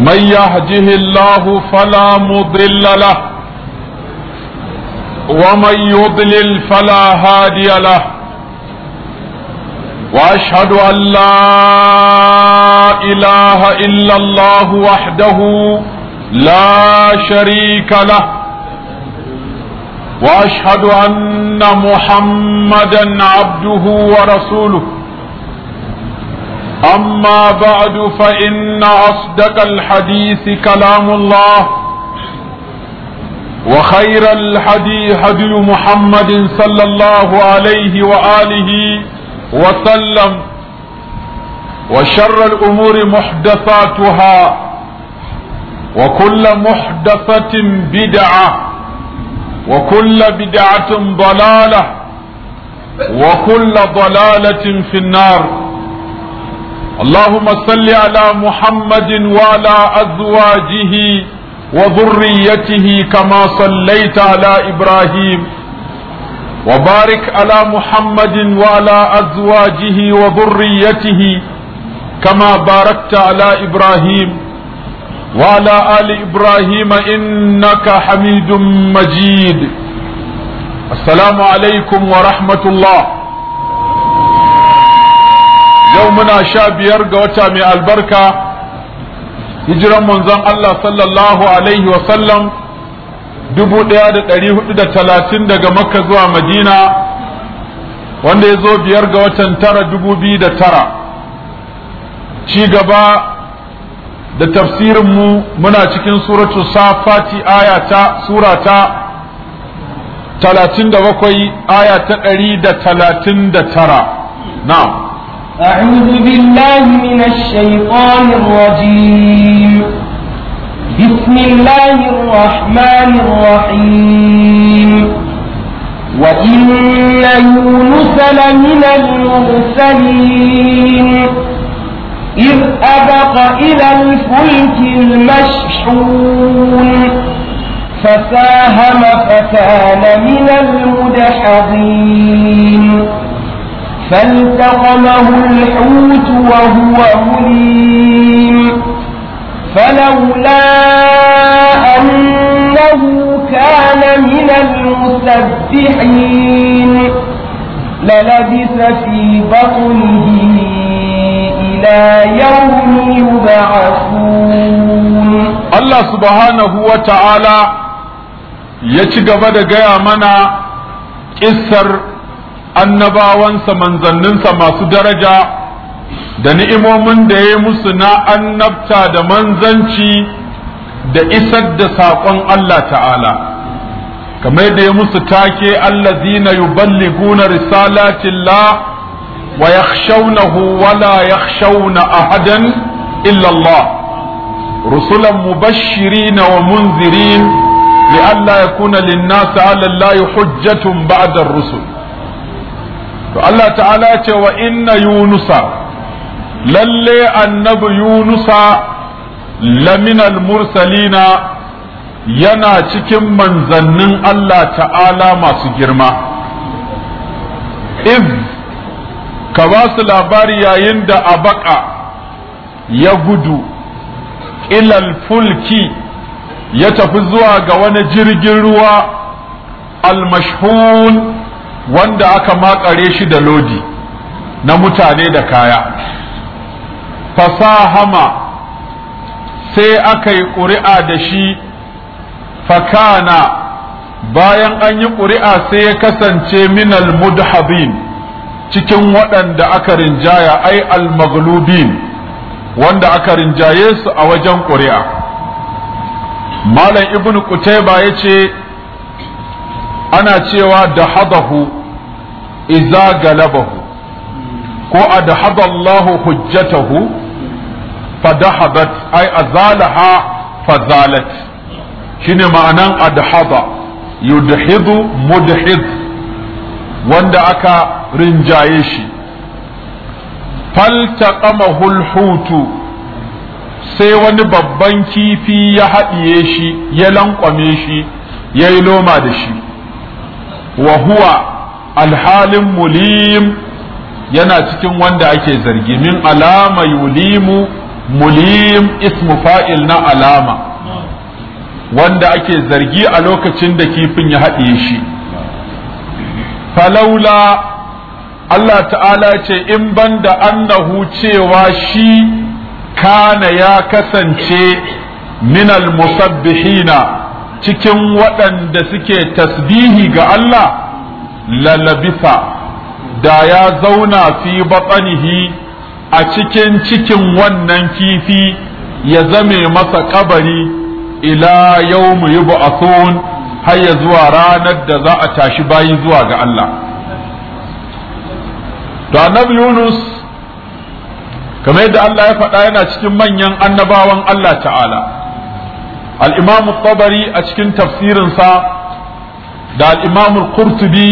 من يهده الله فلا مضل له ومن يضلل فلا هادي له واشهد ان لا اله الا الله وحده لا شريك له واشهد ان محمدا عبده ورسوله أما بعد فإن أصدق الحديث كلام الله وخير الحديث حدي محمد صلى الله عليه وآله وسلم وشر الأمور محدثاتها وكل محدثة بدعة وكل بدعة ضلالة وكل ضلالة في النار اللهم صل على محمد وعلى أزواجه وذريته كما صليت على إبراهيم وبارك على محمد وعلى أزواجه وذريته كما باركت على إبراهيم وعلى آل إبراهيم إنك حميد مجيد السلام عليكم ورحمة الله yau muna sha biyar ga wata mai albarka hijiran manzon Allah sallallahu alaihi wasallam dubu ɗaya da ɗari hudu da talatin daga makka zuwa madina wanda ya zo biyar ga watan tara dubu biyu da tara ci gaba da tafsirinmu muna cikin suratu safati ayata surata talatin da bakwai aya ta ɗari da talatin da tara na'am أعوذ بالله من الشيطان الرجيم بسم الله الرحمن الرحيم وإن يونس لمن المرسلين إذ أبق إلى الفلك المشحون فساهم فكان من المدحضين فالتقمه الحوت وهو مليم فلولا أنه كان من المسبحين للبث في بطنه إلى يوم يبعثون الله سبحانه وتعالى يتقبض قيامنا gaba annabawansa manzanninsa masu daraja da ni'imomin da ya musu na annabta da manzanci da isar da saƙon Allah ta'ala kamar da ya musu take allazina yuballiguna risalatillah wa yakhshawnahu wa la yakhshawna ahadan illa Allah رسلا مبشرين ومنذرين لئلا يكون للناس على الله حجة بعد الرسل to Allah ta'ala ce wa inna yunusa lalle annabi yunusa laminal mursalina yana cikin manzannin Allah ta'ala masu girma If ka ba su labari yayin da baka ya gudu ilal fulki ya tafi zuwa ga wani jirgin ruwa al-mashhun wanda aka makare shi da lodi na mutane da kaya fasahama sai aka yi ƙuri'a da shi fakana bayan an yi ƙuri'a sai ya kasance minal mudhabin cikin waɗanda aka rinjaya ai al-maglubin wanda aka rinjaye su a wajen ƙuri'a malam Ibnu kutaiba ya ce ana cewa da hadahu iza galabahu ko a da hadallahu hujjatahu fadahadat ai azalaha fazalat shine ma'anan hada yudhidu mudhid wanda aka rinjaye shi faltaqamahu alhutu sai wani babban kifi ya haɗiye shi ya lankwame shi ya yi loma da shi Wahuwa alhalin mulim yana cikin wanda ake zargi min alama yulimu mulim ismu fa'il na alama wanda ake zargi a lokacin da kifin ya haɗe shi falaula Allah ta'ala ce in banda annahu cewa shi kana ya kasance minal musabbihina cikin waɗanda suke tasbihi ga Allah lalabisa da ya zauna fi baƙanihi a cikin cikin wannan kifi ya zame masa kabari ila yau mu yi ba'asun haya zuwa ranar da za a tashi bayi zuwa ga Allah. To annabi Yunus kamar yadda Allah ya faɗa yana cikin manyan annabawan Allah ta'ala. al-imam tabari a cikin tafsirinsa da al-imam qurtubi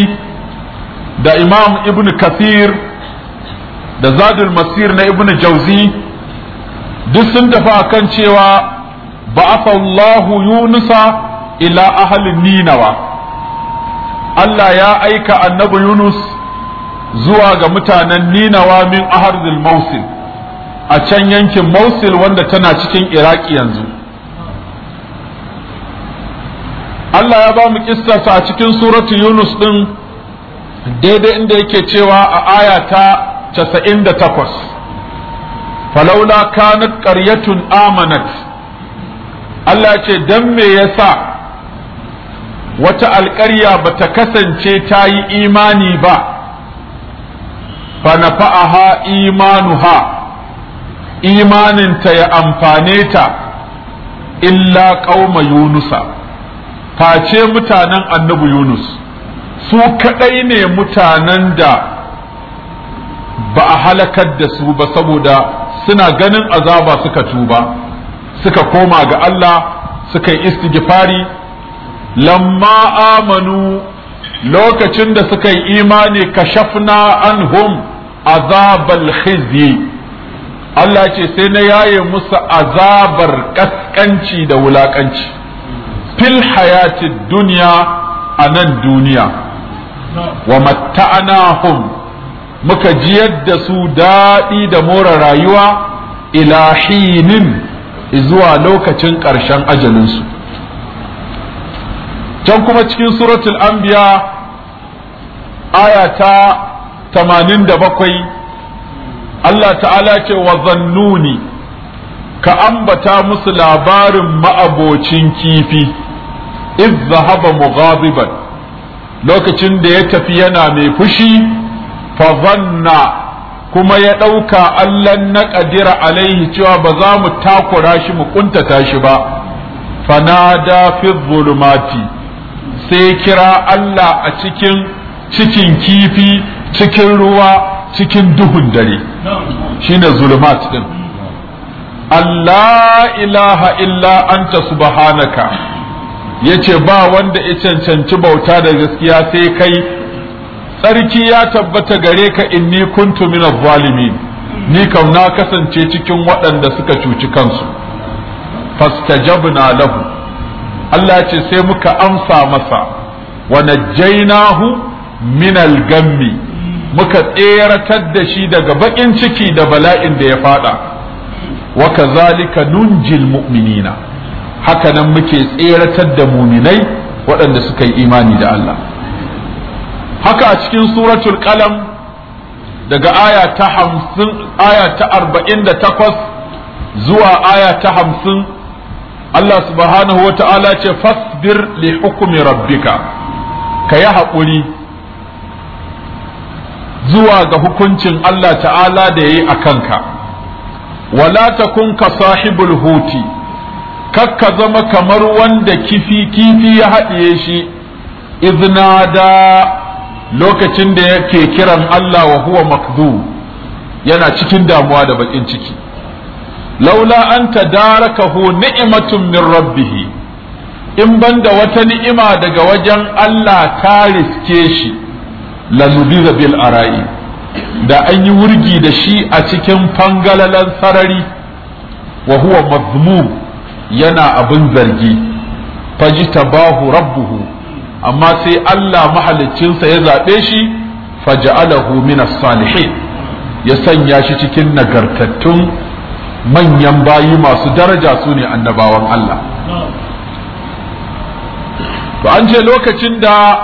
da imam ibn kathir da Zadulmasir na ibn jauzi duk sun dafa a kan cewa ba'atha Allahu yunusa ila ahli ninawa Allah ya aika annabi yunus zuwa ga mutanen ninawa min ahardil mausil a can yankin mausil wanda tana cikin iraki yanzu Allah ya ba mu kissarsa a cikin suratu Yunus din daidai inda yake cewa a aya ta 98 falaula kanat qaryatun amanat Allah ya ce dan me yasa wata alƙarya bata kasance ta yi imani ba fa nafa'aha imanuha imaninta ya amfane ta illa ƙauma yunusa face mutanen annabi yunus su kaɗai ne mutanen da ba a halakar da su ba saboda suna ganin azaba suka tuba suka koma ga Allah suka yi istighfari lamma amanu lokacin da suka yi imani kashafna anhum azabal khizyi Allah ce sai na yaye musu azabar kaskanci da wulakanci fil hayati duniya a nan duniya wa matta'anahum muka jiyar da su daɗi da more rayuwa ila hinin zuwa lokacin ƙarshen ajalinsu can kuma cikin suratul anbiya tamanin da 87 Allah ta'ala ce wa zannuni ka ambata musu labarin ma'abocin kifi idh zahaba mughadiban lokacin da ya tafi yana mai fushi fa zanna kuma ya ɗauka allan na kadira alaihi cewa ba za mu takura shi mu ƙuntata shi ba fanada fi zulumati sai kira Allah a cikin cikin kifi cikin ruwa cikin duhun dare shine zulumat din Allah ilaha illa anta subhanaka ya ce ba wanda ya cancanci bauta da gaskiya sai kai tsarki ya tabbata gare ka ni kuntu min zalimin ni kam na kasance cikin waɗanda suka cuci kansu na lahu Allah ce sai muka amsa masa wa najjaynahu min minal gammi muka tseratar da shi daga bakin ciki da bala'in da ya fada wa kazalika nunjil mu'minina haka nan muke tseratar da muminai waɗanda suka yi imani da Allah haka a cikin suratul kalam daga aya ta hamsin aya ta arba'in da takwas zuwa aya ta hamsin Allah subhanahu wa ta'ala ce fasbir li hukumi rabbika ka yi haƙuri zuwa ga hukuncin Allah ta'ala da ya yi a kanka wala takun ka sahibul huti kakka zama kamar wanda kifi kifi ya haɗiye shi iznada lokacin da yake kiran Allah wa huwa makdu yana cikin damuwa da bakin ciki laula an tadarakahu ni'matun min rabbih in banda wata ni'ima daga wajen Allah ta riske shi lalubiza bil ara'i da an yi wurgi da shi a cikin fangalalan sarari wa huwa mazmum yana abin zargi bahu rabbuhu amma sai Allah mahaliccinsa ya zaɓe shi alahu minas salihin ya sanya shi cikin nagartattun manyan bayi masu daraja su ne annabawan Allah to an ce lokacin da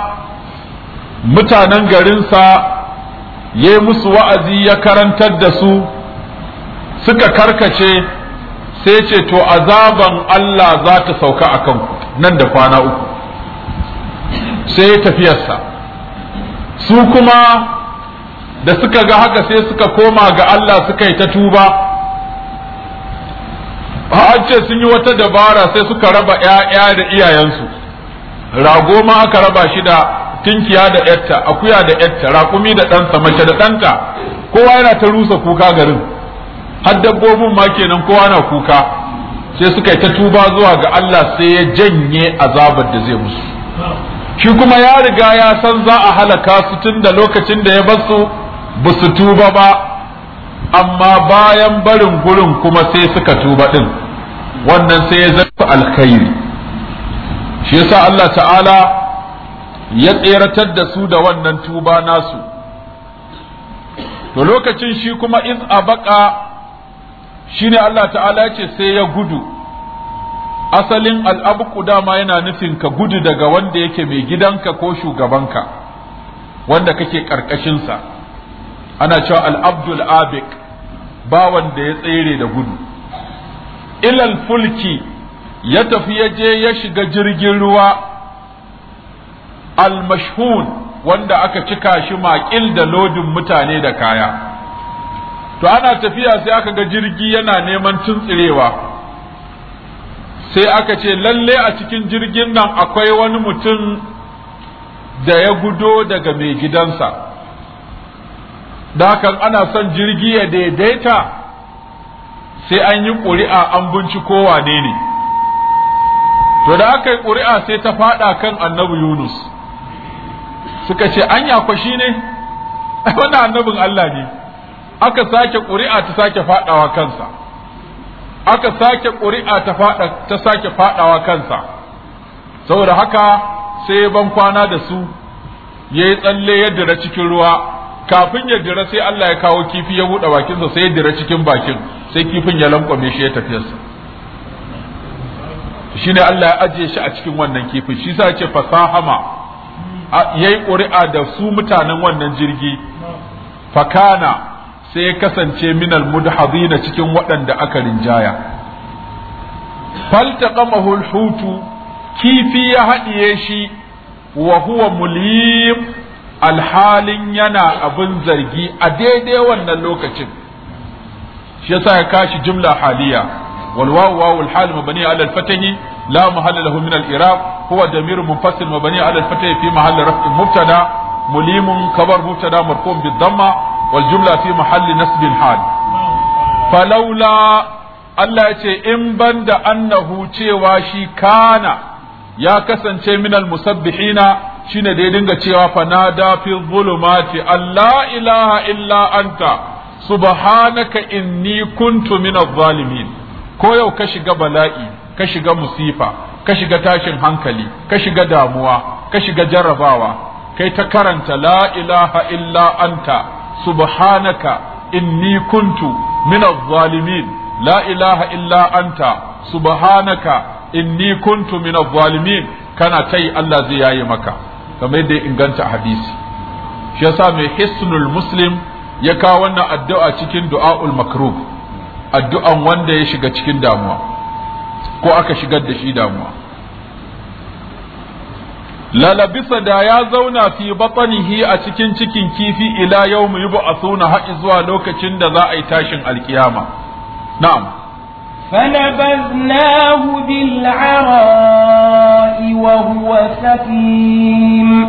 mutanen garinsa ya musu wa'azi ya karantar da su suka karkace sai ce to azaban Allah za ta sauka a kanku nan da kwana uku sai tafiyarsa su kuma da suka ga haka sai suka koma ga Allah suka yi ta tuba A ce sun yi wata dabara sai suka raba 'ya'ya da iyayensu rago ma aka raba shi da tinkiya da yatta akuya da yatta raƙumi da ɗansa mace da ɗanta kowa yana ta rusa kuka garin har dabbobin ma kenan kowa na kuka sai suka yi ta tuba zuwa ga Allah sai ya janye azabar da zai musu shi kuma ya riga ya san za a halaka su tun da lokacin da ya basu ba su tuba ba amma bayan barin gurin kuma sai suka tuba din wannan sai ya zafi alkhairi shi yasa Allah ta'ala ya tseratar da su da wannan tuba nasu to lokacin shi kuma a abaka shine Allah ta'ala ce sai ya gudu asalin al'abku dama yana nufin ka gudu daga wanda yake mai gidanka ko shugabanka wanda kake ƙarƙashinsa ana cewa al'abdul abik ba wanda ya tsere da gudu ilal fulki ya tafi ya je ya shiga jirgin ruwa al-mashhun wanda aka cika shi maƙil da lodin mutane da kaya to ana tafiya sai aka ga jirgi yana neman tuntsirewa sai aka ce lalle a cikin jirgin nan akwai wani mutum da ya gudo daga mai gidansa da ana son jirgi ya daidaita sai an yi ƙuri'a an binciko wanene, ne to da aka yi ƙuri'a sai ta faɗa kan annabi yunus suka ce an kwa shi ne Wani annabin allah ne aka sake ƙuri'a ta sake faɗawa kansa aka sake ƙuri'a ta sake faɗawa kansa saboda haka sai ban kwana da su ya yi tsalle ya dira cikin ruwa kafin ya dira sai Allah ya kawo kifi ya buɗe bakinsa sai ya dira cikin bakin sai kifin ya lankwame shi ya tafiyarsa shine Allah ya ajiye shi a cikin wannan kifin shi sa ce fasahama yayi ƙuri'a da su mutanen wannan jirgi fakana sai ya kasance minal mudhadina cikin waɗanda aka rinjaya faltaqamahu alhutu kifi ya haɗiye shi wa huwa mulim alhalin yana abin zargi a daidai wannan lokacin shi yasa ya kashi jumla haliya Walwawu wawul wawu alhal mabni ala alfatahi la mahalla lahu min al-i'rab huwa damir munfasil mabni ala alfatahi fi mahall raf'in mubtada mulimun kabar mubtada marfu bi dhamma wal jumla fi mahalli nasbin hal falaula Allah ya ce in banda annahu cewa shi kana ya kasance minal musabbihina shine da ya dinga cewa fanada fi zulumati Allah ilaha illa anta subhanaka inni kuntu minaz zalimin ko yau ka shiga bala'i ka shiga musifa ka shiga tashin hankali ka shiga damuwa ka shiga jarrabawa kai ta karanta la ilaha illa anta subhanaka inni kuntu min adh la ilaha illa anta subhanaka inni kuntu min adh-dhalimin kana kai Allah zai yayi maka kamar yadda inganta hadisi shi yasa mai hisnul muslim ya kawo wannan addu'a cikin du'aul makrub addu'an wanda ya shiga cikin damuwa ko aka shigar da shi damuwa lalabisa da ya zauna fi batsanihi a cikin cikin kifi ila yau mu yi ba'asuna haƙi zuwa lokacin da za a yi tashin alkiyama na'am فنبذناه Wa وهو سقيم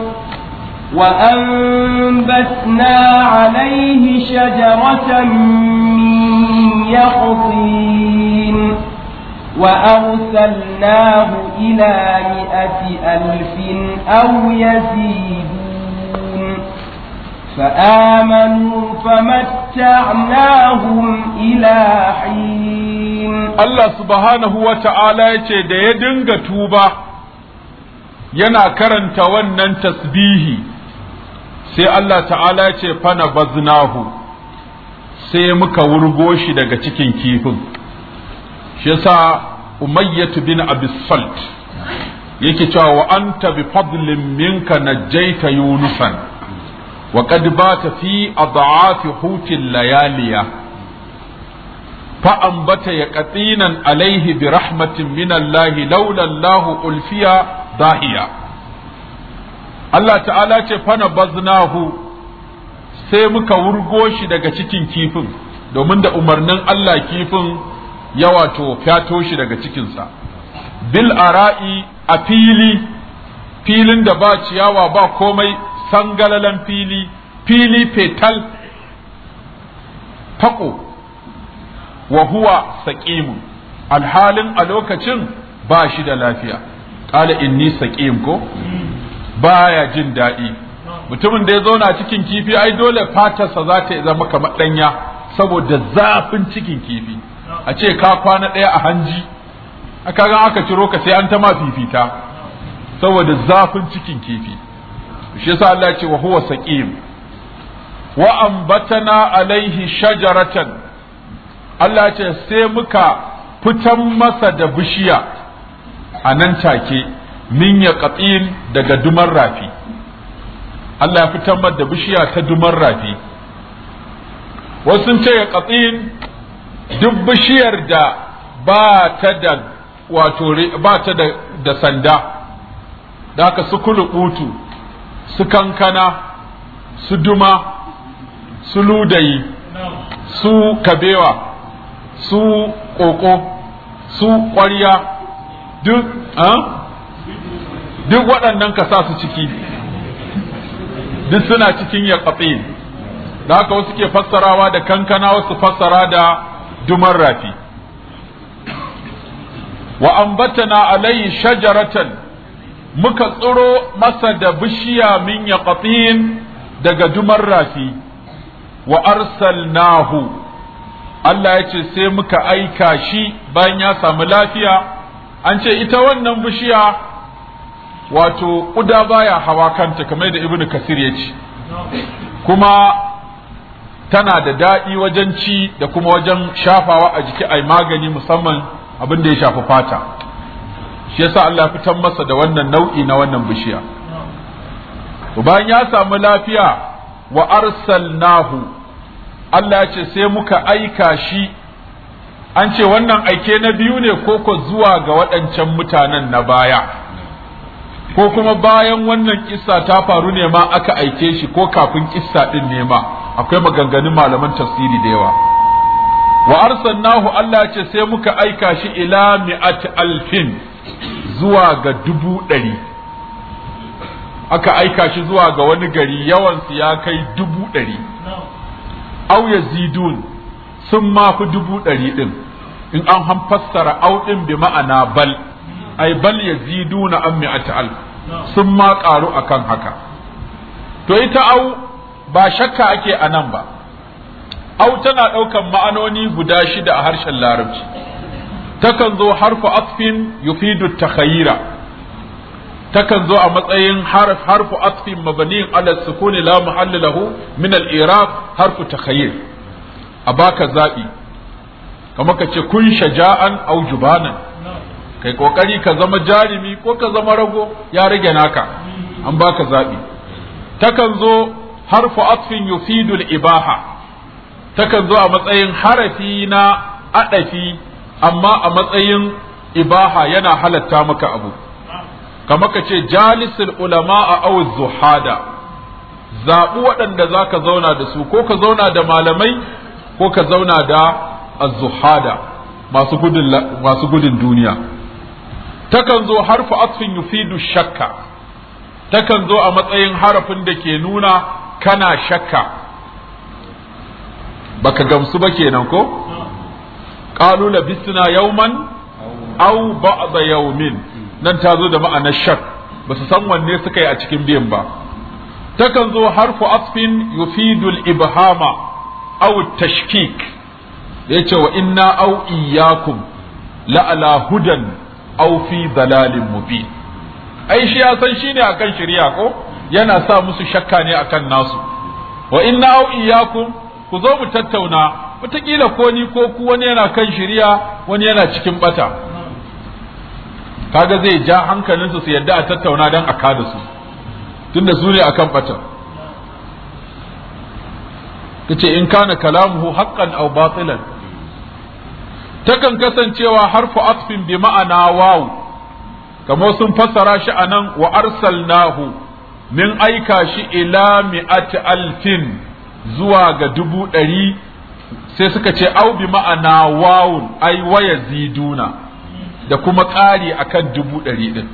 وأنبتنا عليه شجرة من يقطين وأرسلناه إلى مئة ألف أو يزيدون فآمنوا فمتعناهم إلى حين الله سبحانه وتعالى da ya dinga tuba yana karanta wannan tasbihi sai Allah ta'ala ce fana baznahu sai muka wurgo shi daga cikin kifin shi yasa umayyatu bin salt yake cewa wa anta bi fadlin minka najaita yunusan wa qad bata fi ad'afi hutil layaliya fa ya qatinan alaihi bi rahmatin min Allah laula Allah ulfiya dahiya Allah ta'ala ce fana baznahu sai muka wurgo shi daga cikin kifin domin da umarnin Allah kifin ya wato fyato shi daga cikinsa bil ara'i a fili filin da ba ciyawa ba komai sangalalan fili fili fetal fako wa huwa al alhalin a lokacin ba shi da lafiya qala inni saqim ko baya jin daɗi mutumin da ya zauna cikin kifi ai dole fatarsa za ta zama kamar ɗanya saboda zafin cikin kifi a ce ka kwana ɗaya a hanji a kaga aka ciro ka sai an ta ma fifita saboda zafin cikin kifi shi yasa Allah ya ce wa huwa saqim wa ambatana alaihi shajaratan Allah ya ce sai muka fitan masa da bishiya a nan take min ya daga dumar rafi Allah ya fitan masa da bishiya ta dumar rafi wasu sun ce ya duk bishiyar da ba ta da wato ba ta da, da sanda da aka su kulubutu su kankana su duma su ludayi su kabewa su koko su ƙwarya duk duk waɗannan ka sa su ciki duk suna cikin ya da haka wasu ke fassarawa da kankana wasu fassara da duman rafi wa ambatana alayhi shajaratan muka tsiro masa da bishiya min yaqatin daga duman rafi wa arsalnahu Allah ya ce sai muka aika shi bayan ya samu lafiya an ce ita wannan bishiya wato ƙuda baya hawa kanta kamar da ibnu kasir ya ce kuma tana da daɗi wajen ci da kuma wajen shafawa a jiki ai magani musamman abin da ya shafi fata shi yasa Allah fitan masa da wannan nau'i na wannan bishiya bayan ya samu lafiya wa arsalnahu Allah ya ce sai muka aika shi an ce wannan aike na biyu ne koko zuwa ga waɗancan mutanen na baya ko kuma bayan wannan kissa ta faru ne ma aka aike shi ko kafin kissa din ne ma akwai maganganun malaman tafsiri da yawa wa arsalnahu Allah ce sai muka aika shi ila mi'at alfin zuwa ga dubu ɗari aka aika shi zuwa ga wani gari yawan su ya kai dubu ɗari au yazidun sun mafi fi dubu ɗari ɗin in an fassara au bi ma'ana bal ai bal yaziduna an mi'ata alf sun ma karu akan haka to ita au ba shakka ake a nan ba au tana ɗaukan ma'anoni guda shida a harshen larabci takan zo harfu asfin yufidu Takhayira. takan zo a matsayin harf harfu asfin mabaniyin ala sukuni la muhalli lahu min al iraq harfu a baka zabi kamar ka ce kun shaja'an au jubanan kai kokari ka zama jarimi ko ka zama rago ya rage naka an baka zabi takan zo harfu atfin yufidul ibaha takan zo a matsayin harafi na adafi amma a matsayin ibaha yana halatta maka abu kamar ka ce jalisul ulama a awuz zuhada zaɓi waɗanda za ka zauna da su ko ka zauna da malamai ko ka zauna da az-zuhada masu gudun duniya takan zo harfu asfin yufidu shakka takan zo a matsayin harafin da ke nuna kana shakka baka gamsu ba kenan ko qalu labisna yawman aw ba'da yawmin nan ta zo da ma'anar shak ba su san wanne suka yi a cikin biyan ba takan zo harfu asfin yufidul ibhama aw tashkik yace wa inna aw iyyakum la ala hudan aw fi dalalin mubin ai shi ya san shi ne akan shari'a ko yana sa musu shakka ne akan nasu wa inna aw iyyakum ku zo mu tattauna wataƙila ko ni ko ku wani yana kan shari'a wani yana cikin bata kaga zai ja hankalinsu su yadda a tattauna dan a kada su tunda su ne akan bata kace in kana kalamu haqqan aw batilan takan kasancewa harfu asfin bi ma'ana wawu kamar sun fassara shi a nan wa arsalnahu min aika shi ila mi'ati alfin zuwa ga dubu ɗari sai suka ce au bi ma'ana wawun ai waya ziduna da kuma ƙari akan dubu ɗari ɗin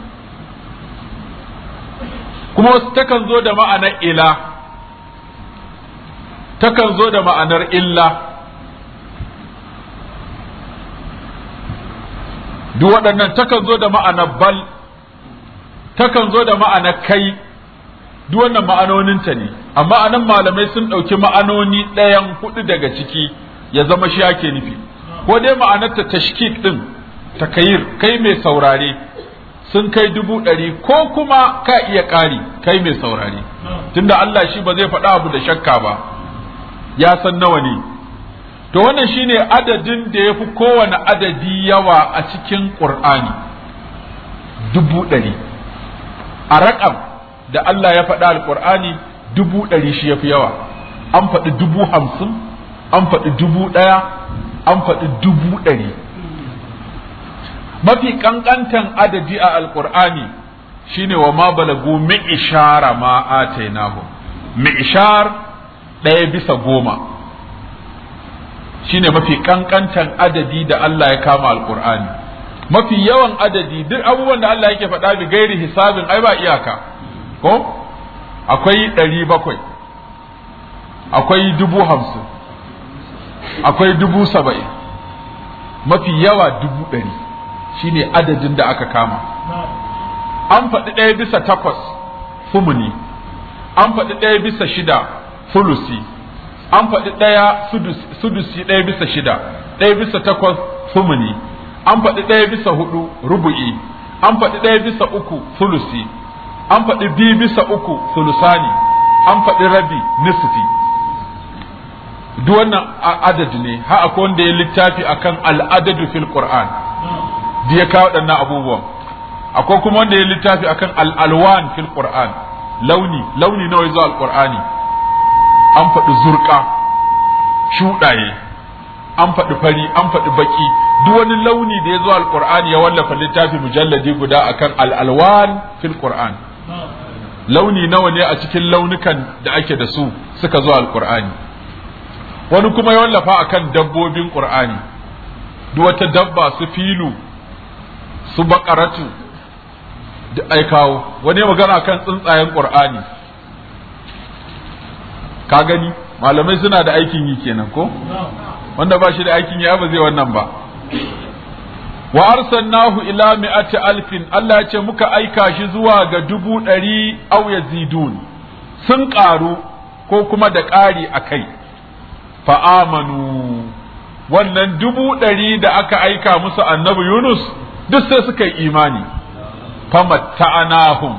kuma wasu takan zo da ma'anar ila takan zo da ma'anar illa duk waɗannan takan zo da ma'ana bal takan zo da ma'ana kai duk wannan ma'anoninta ne amma anan malamai sun ɗauki ma'anoni ɗayan hudu daga ciki ya zama shi ake nufi ko dai ma'anar ta tashkik ɗin takayir kai mai saurare sun kai dubu ɗari ko kuma ka iya ƙari kai mai saurare tunda Allah shi ba zai faɗa abu da shakka ba ya san nawa ne to wannan shine adadin da ya fi kowane adadi yawa a cikin ƙur'ani dubu ɗari a raƙam da Allah ya faɗa alƙur'ani dubu ɗari shi ya fi yawa an faɗi dubu hamsin an faɗi dubu ɗaya an faɗi dubu ɗari mafi ƙanƙantan adadi a alƙur'ani shine wa ma balagu mi'ishara ma atainahum mi'ishar ɗaya bisa goma shine mafi kankantan adadi da Allah ya kama alqur'ani mafi yawan adadi duk abubuwan da Allah yake faɗa bi gairi hisabin ai ba iyaka ko akwai ɗari bakwai akwai dubu hamsin akwai dubu saba'in mafi yawa dubu ɗari shine adadin da aka kama an faɗi ɗaya bisa takwas fumuni an faɗi ɗaya bisa shida fulusi an faɗi ɗaya sudusi ɗaya bisa shida ɗaya bisa takwas sumuni an faɗi ɗaya bisa hudu rubu'i an faɗi ɗaya bisa uku sulusi an faɗi biyu bisa uku sulusani an faɗi rabi nisfi duk wannan adad ne ha akwai wanda ya littafi akan al'adadu fil qur'an da ya kawo waɗannan abubuwan akwai kuma wanda ya littafi akan al'alwan fil qur'an launi launi nawa ya zo an faɗi zurƙa shuɗaye an faɗi fari an faɗi baƙi duk wani launi da ya zo alƙur'ani ya wallafa littafi mujalladi guda akan al'alwan fil qur'an launi nawa ne a cikin launukan da ake da su suka zo alƙur'ani wani kuma ya wallafa akan dabbobin ƙur'ani duk wata dabba su filu su baƙaratu da aikawo wani magana akan tsuntsayen ƙur'ani ka gani malamai suna da aikin yi kenan ko wanda ba shi da aikin yi ba zai wannan ba wa arsalnahu ila mi'ati alfin Allah ya ce muka aika shi zuwa ga dubu ɗari aw yazidun sun ƙaru ko kuma da ƙari a kai amanu wannan dubu ɗari da aka aika musu annabi Yunus duk sai suka yi imani famatta'anahum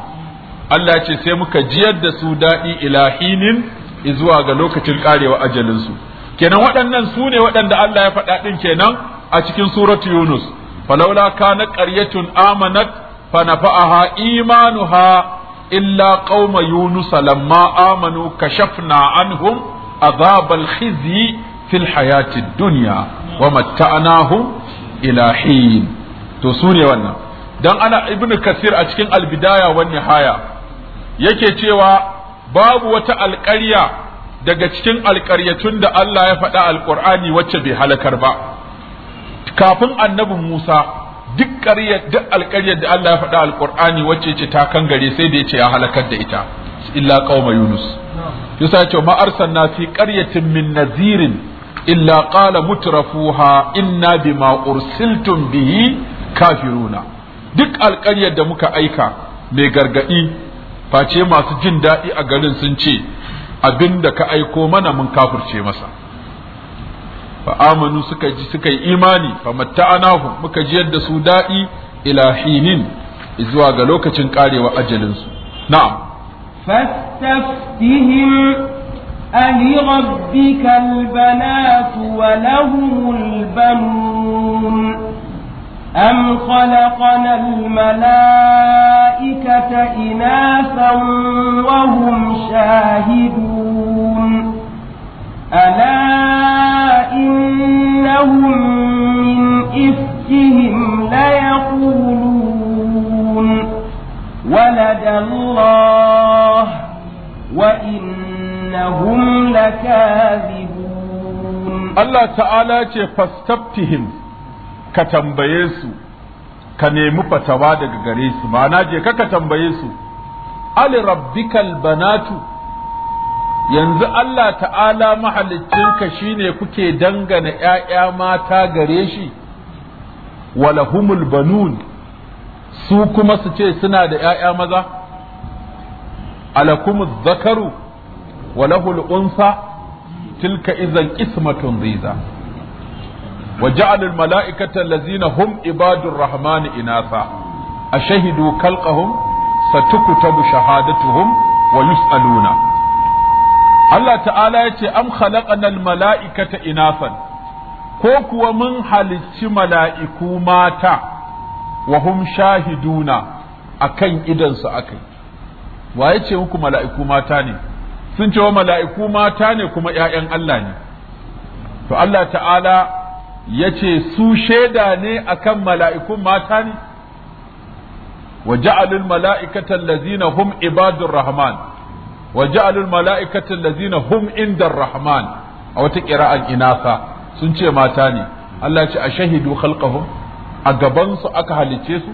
Allah ce sai muka jiyar da su daɗi ilahinin zuwa ga lokacin karewa ajalinsu kenan waɗannan su ne waɗanda Allah ya faɗa ɗin kenan a cikin suratu Yunus falaula kana qaryatun amanat fa nafa'aha imanuha illa qauma yunus lamma amanu kashafna anhum azabal khizyi fil hayatid dunya wa matta'nahum ila hin to su ne wannan dan ana ibnu kasir a cikin albidaya wan nihaya yake cewa babu wata alƙarya daga cikin alƙaryatun da Allah ya faɗa alƙur'ani wacce bai halakar ba kafin annabi Musa duk ƙaryar duk alƙaryar da Allah ya faɗa alƙur'ani wacce ce ta kan gare sai da yace ya halakar da ita illa qauma yunus yasa ce ma arsalna fi qaryatin min nazirin illa qala mutrafuha inna bima ursiltum bihi kafiruna duk alƙaryar da muka aika mai gargadi face masu jin daɗi a garin sun ce abinda ka aiko mana mun kafurce masa fa amanu suka ji suka yi imani fa matta'anahu muka ji yadda su daɗi ila hinin zuwa ga lokacin karewa ajalinsu na'am fastafihim ألربك wa lahumul banun أم خلقنا الملائكة إناثا وهم شاهدون ألا إنهم من إفكهم ليقولون ولد الله وإنهم لكاذبون الله تعالى فاستفتهم ka tambaye su ka nemi fatawa daga gare su ma'ana je ka tambaye su ali rabbikal banatu yanzu Allah ta'ala mahaliccinka shine kuke dangana ‘ya'ya mata gare shi walahumul banun su kuma su ce suna da ‘ya'ya maza alakumul zakaru walahul unsa tilka izan ismatun riza. wa ja'ala al mala'ikata allazina hum ibadur rahman inatha ashhadu khalqahum shahadatu hum wa yus'aluna Allah ta'ala yace an khalaqana al mala'ikata inathan ko kuwa mun halicci mala'iku mata wa hum shahiduna akan idansu akai wa yace muku mala'iku mata ne sun ce wa mala'iku mata ne kuma ‘ya'yan Allah ne, to Allah ta'ala ya ce su shaida ne akan mala'ikun mata ne wa ja'alul mala'ikatan lazina hum ibadun rahman wa ja'alul mala'ikatan lazina hum indar rahman a wata ƙira'an inasa sun ce mata ne Allah ce a shahidu khalqahum a gabansu aka halice su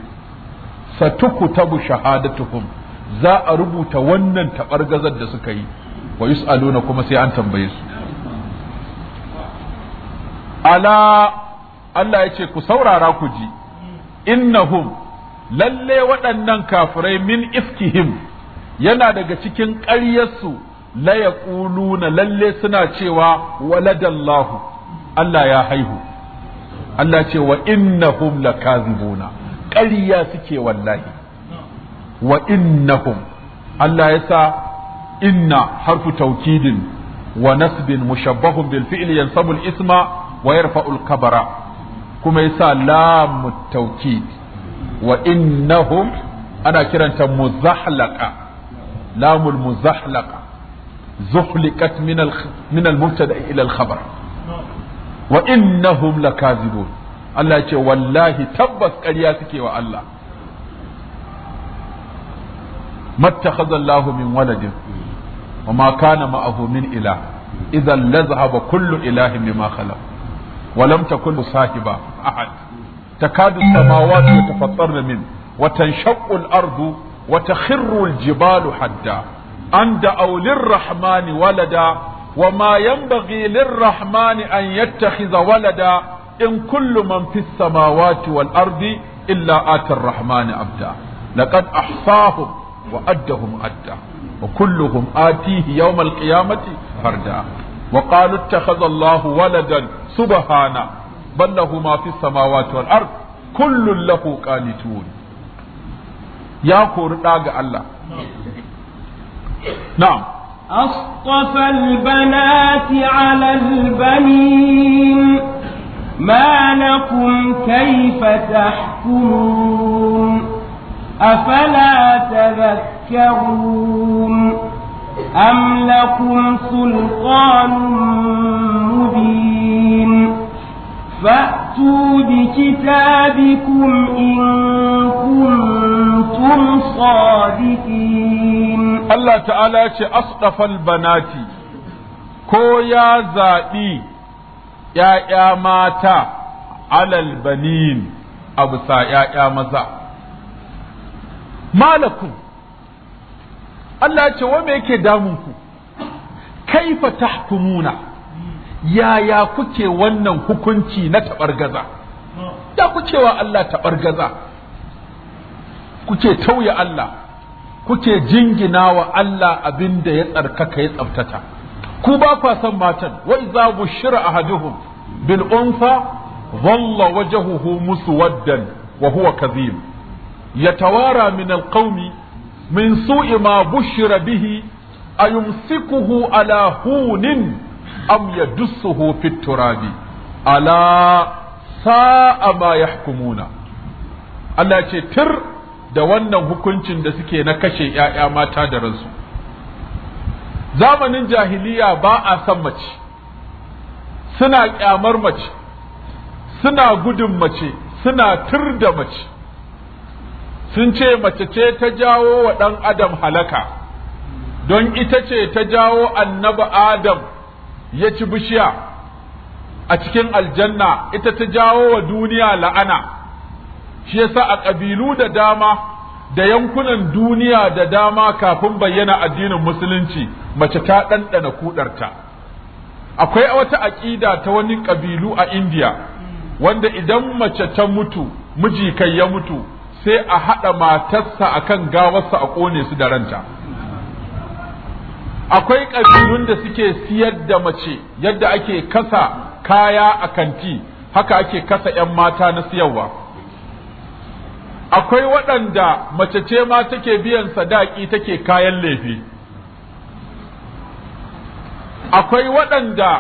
satuku tabu shahadatuhum za a rubuta wannan taɓargazar da suka yi wa yus'aluna kuma sai an tambaye su ala Allah ya ce ku saurara ku ji innahum lalle waɗannan kafirai min ifkihim yana daga cikin ƙaryarsu la na lalle suna cewa waladallahu Allah ya haihu Allah ce wa innahum lakazibuna ƙarya suke wallahi wa innahum Allah ya sa inna harfu taukidin wa nasbin mushabbahun bil fi'li yansabu al isma wa yarfa'ul kabara kuma yasa lamu tawkid wa innahum ana kiranta muzahlaqa lamul muzahlaqa zuhliqat min al min al mubtada ila al khabar wa innahum lakazibun Allah ce wallahi tabbas ƙarya suke wa Allah mattakhadha Allahu min waladin wa ma kana ma'ahu min ilah idan lazhaba kullu ilahin bima ولم تكن صاحبة أحد تكاد السماوات يتفطرن منه وتنشق الأرض وتخر الجبال حدا أن دعوا للرحمن ولدا وما ينبغي للرحمن أن يتخذ ولدا إن كل من في السماوات والأرض إلا آتى الرحمن أبدا لقد أحصاهم وأدهم أدا وكلهم آتيه يوم القيامة فردا وقالوا اتخذ الله ولدا سبحانه بل له ما في السماوات والأرض كل له قانتون يا كورتاغ الله نعم أصطفى البنات على البنين ما لكم كيف تحكمون أفلا تذكرون أم لكم سلطان مبين فأتوا بكتابكم إن كنتم صادقين الله تعالى أصطفى البنات ko ya zaɓi ‘ya'ya mata alal banin abu sa ‘ya'ya maza. Malakun Allah ce wa me yake damun ku kaifa tahkumuna yaya kuke wannan hukunci na gaza? da kucewa Allah gaza? kuke tauye Allah kuke jingina wa Allah abin da ya tsarkaka ya tsabtata ku ba kwa son matan wa idza bushira ahaduhum bil unsa dhalla wajhuhu muswaddan wa huwa Ya yatawara min al qaumi من سوء ما bushira bihi ayumsikuhu ala hunin am يدسه في التراب ala sa'a ma يحكمون Allah ce tir da wannan hukuncin da suke na kashe ‘ya'ya mata da ransu. Zamanin jahiliya ba a san mace, suna kyamar mace, suna gudun mace, suna tur da mace. sun ce mace ce ta jawo wa ɗan adam halaka don ita ce ta jawo annabi adam ya ci bishiya a cikin aljanna ita ta jawo wa duniya la'ana shi yasa a ƙabilu da dama da yankunan duniya da dama kafin bayyana addinin musulunci mace ta ɗanɗana kudarta akwai wata aƙida ta wani ƙabilu a indiya wanda idan mace ta mutu miji kai ya mutu sai a haɗa matarsa akan gawarsa a ƙone su da ranta akwai ƙabilun da suke siyar da mace yadda ake kasa kaya a kanti haka ake kasa 'yan mata na siyarwa akwai waɗanda mace ce ma take biyan sadaki take kayan lefe akwai waɗanda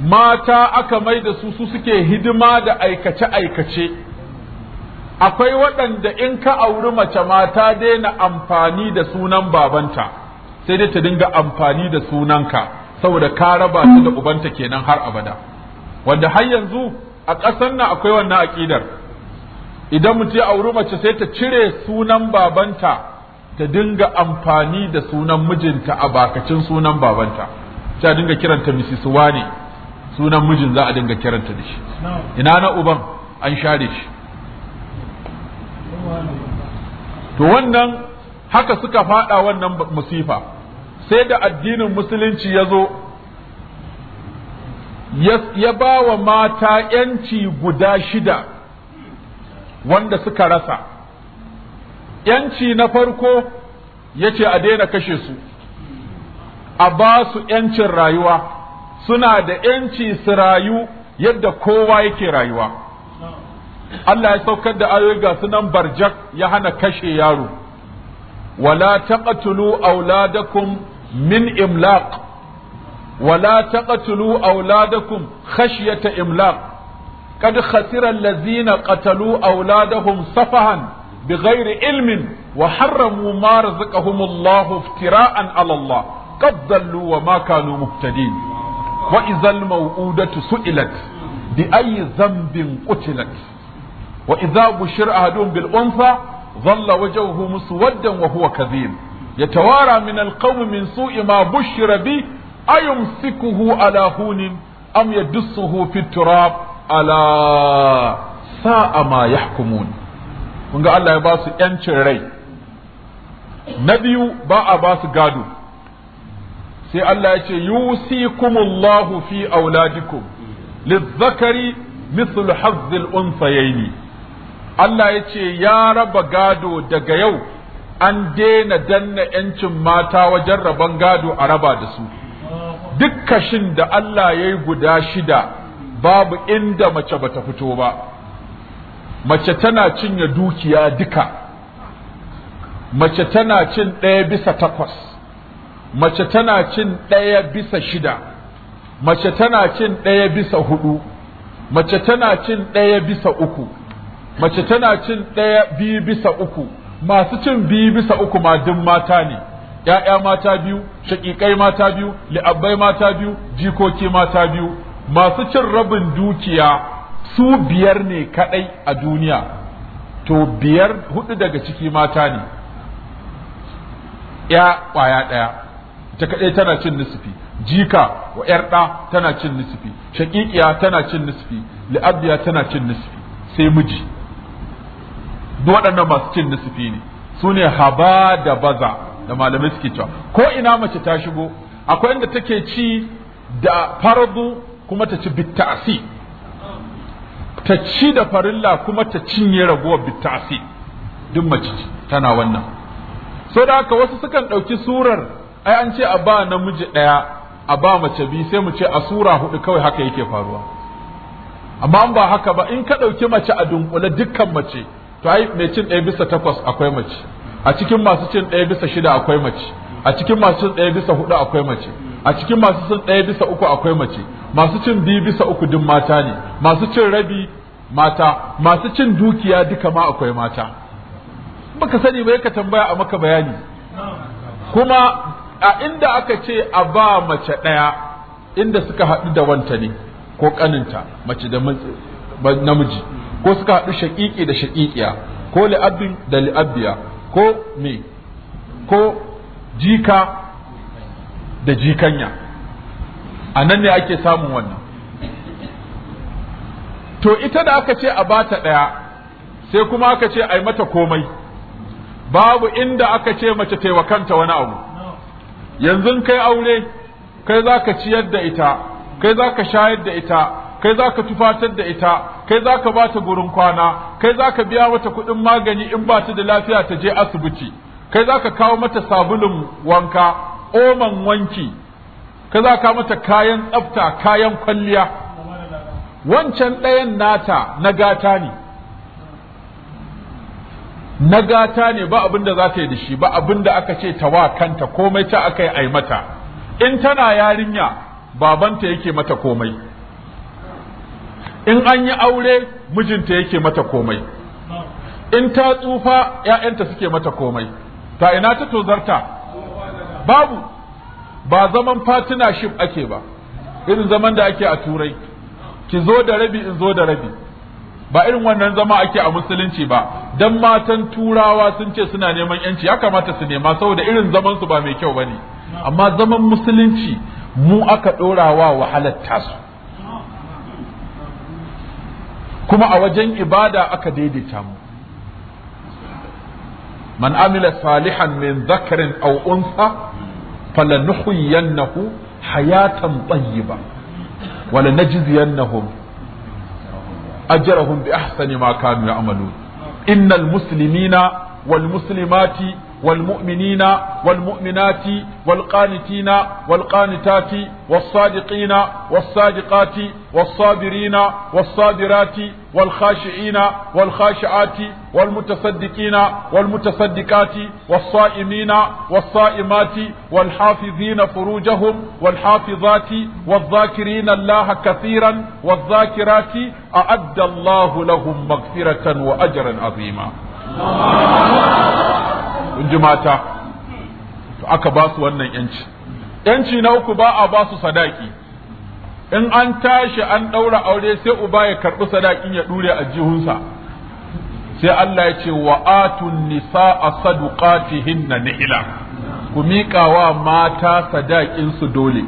mata aka mai da su su suke hidima da aikace-aikace akwai waɗanda in ka auri mace mata daina amfani da sunan babanta sai dai ta dinga amfani da sunanka saboda ka raba ta da ubanta kenan har abada wanda har yanzu a ƙasar nan akwai wannan aƙidar idan mu ya auri mace sai ta cire sunan babanta ta dinga amfani da sunan mijinta a bakacin sunan babanta ta dinga kiranta Mrs. Wane sunan mijin za a dinga kiranta da shi ina na uban an share shi to wannan haka suka fada wannan musifa sai da addinin musulunci ya zo ya ba wa mata ‘yanci guda shida wanda suka rasa ‘yanci na farko ya ce a daina kashe su a ba su ‘yancin rayuwa suna da ‘yanci su rayu yadda kowa yake rayuwa Allah ya saukar da ayoyi ga sunan barjak ya hana kashe yaro wala taqtulu auladakum min imlaq wala taqtulu auladakum khashyata imlaq qad khasira allazina qatalu auladahum safahan bighairi ilmin wa harramu ma razaqahumullahu iftira'an ala Allah qad dallu wa ma kanu muhtadin wa idhal maw'udatu su'ilat bi ayyi dhanbin qutilat wa idza bushira ahadun bil unsa dhalla wajhuhu muswaddan wa huwa kadhib yatawara min al qawmi min su'i ma bushira bi ayumsikuhu ala hunin am yadussuhu fi turab ala sa'a ma yahkumun kun ga Allah ya ba su yancin rai na biyu ba a ba su gado sai Allah ya ce yusikumullahu fi auladikum lizzakari مثل حظ الأنثيين Allah ya ce ya raba gado daga yau an daina danna ‘yancin mata wajen rabon gado a raba da su. Duk kashin da Allah ya yi guda shida babu inda mace bata fito ba. Mace tana cinye dukiya duka, mace tana cin ɗaya bisa takwas, mace tana cin ɗaya bisa shida, mace tana cin ɗaya bisa hudu, mace tana cin ɗaya bisa uku. mace tana cin ɗaya biyu bisa uku masu cin biyu bisa uku ma duk mata ne ‘ya'ya mata biyu shaƙiƙai mata biyu li'abbai mata biyu jikoki mata biyu masu cin rabin dukiya su biyar ne kaɗai a duniya to biyar hudu daga ciki mata ne ‘ya ƙwaya ɗaya ta kaɗai tana cin nisfi jika wa ‘yar ɗa tana cin nisfi shaƙiƙiya tana cin nisfi li'abbiya tana cin nisfi sai miji duk waɗannan masu cin nasifi ne su ne haba da baza da malamai suke cewa ko ina mace ta shigo akwai inda take ci da fardu kuma ta ci bitta'asi ta ci da farilla kuma ta cinye ragowar bitta'asi duk mace tana wannan so da haka wasu sukan ɗauki surar ai an ce a ba namiji ɗaya a ba mace biyu sai mu ce a sura hudu kawai haka yake faruwa amma ba haka ba in ka ɗauki mace a dunkule dukkan mace to ai mai cin ɗaya bisa takwas akwai mace a cikin masu cin ɗaya bisa shida akwai mace a cikin masu cin ɗaya bisa hudu akwai mace a cikin masu cin ɗaya bisa uku akwai mace masu cin biyu bisa uku duk mata ne masu cin rabi mata masu cin dukiya duka ma akwai mata baka sani ba ka tambaya a maka bayani kuma a inda aka ce a ba mace ɗaya inda suka haɗu da wanta ne ko ƙaninta mace da namiji ko suka haɗu shaƙiƙi da shaƙiƙiya ko li'abin da li'abbiya ko me ko jika da jikanya a nan ne ake samun wannan to ita da aka ce a bata ɗaya sai kuma aka ce a yi mata komai babu inda aka ce mace taimakanta wani abu yanzu kai aure kai za ka ciyar da ita kai za ka shayar da ita kai za ka tufatar da ita kai za ka ba ta gurin kwana kai za ka biya mata kuɗin magani in ba ta da lafiya ta je asibiti kai za ka kawo mata sabulun wanka oman wanki kai za ka mata kayan tsafta kayan kwalliya wancan ɗayan nata na gata ne na gata ne ba abin da za ta yi da shi ba abin da aka ce ta wa kanta komai ta aka yi mata in tana yarinya babanta yake mata komai in an yi aure mijinta yake mata komai in ta tsufa ‘ya'yanta suke mata komai ta ina ta tozarta babu ba zaman fatina ship ake ba irin zaman da ake a turai ki zo da rabi in zo da rabi ba irin wannan zama ake a musulunci ba dan matan turawa sun ce suna neman yanci ya kamata su nema saboda irin zaman su ba mai kyau ba ne. amma zaman musulunci mu aka wa wahalar tasu kuma a wajen ibada aka daidaita mu man amila salihan min zakarin aw unsa falanuhyiyannahu hayatan tayyiba wala najziyannahum ajrahum bi ahsani ma kanu ya'malun innal muslimina wal muslimati والمؤمنين والمؤمنات والقانتين والقانتات والصادقين والصادقات والصابرين والصابرات والخاشعين والخاشعات والمتصدقين والمتصدقات والصائمين والصائمات والحافظين فروجهم والحافظات والذاكرين الله كثيرا والذاكرات أعد الله لهم مغفرة وأجرا عظيما kun ji mata to aka ba su wannan yanci yanci na uku ba a ba su sadaki in an tashi an ɗaura aure sai uba ya karɓi sadakin ya ɗure a jihunsa sai Allah ya ce wa atun nisa'a saduqatihinna ila. ku wa mata sadakinsu dole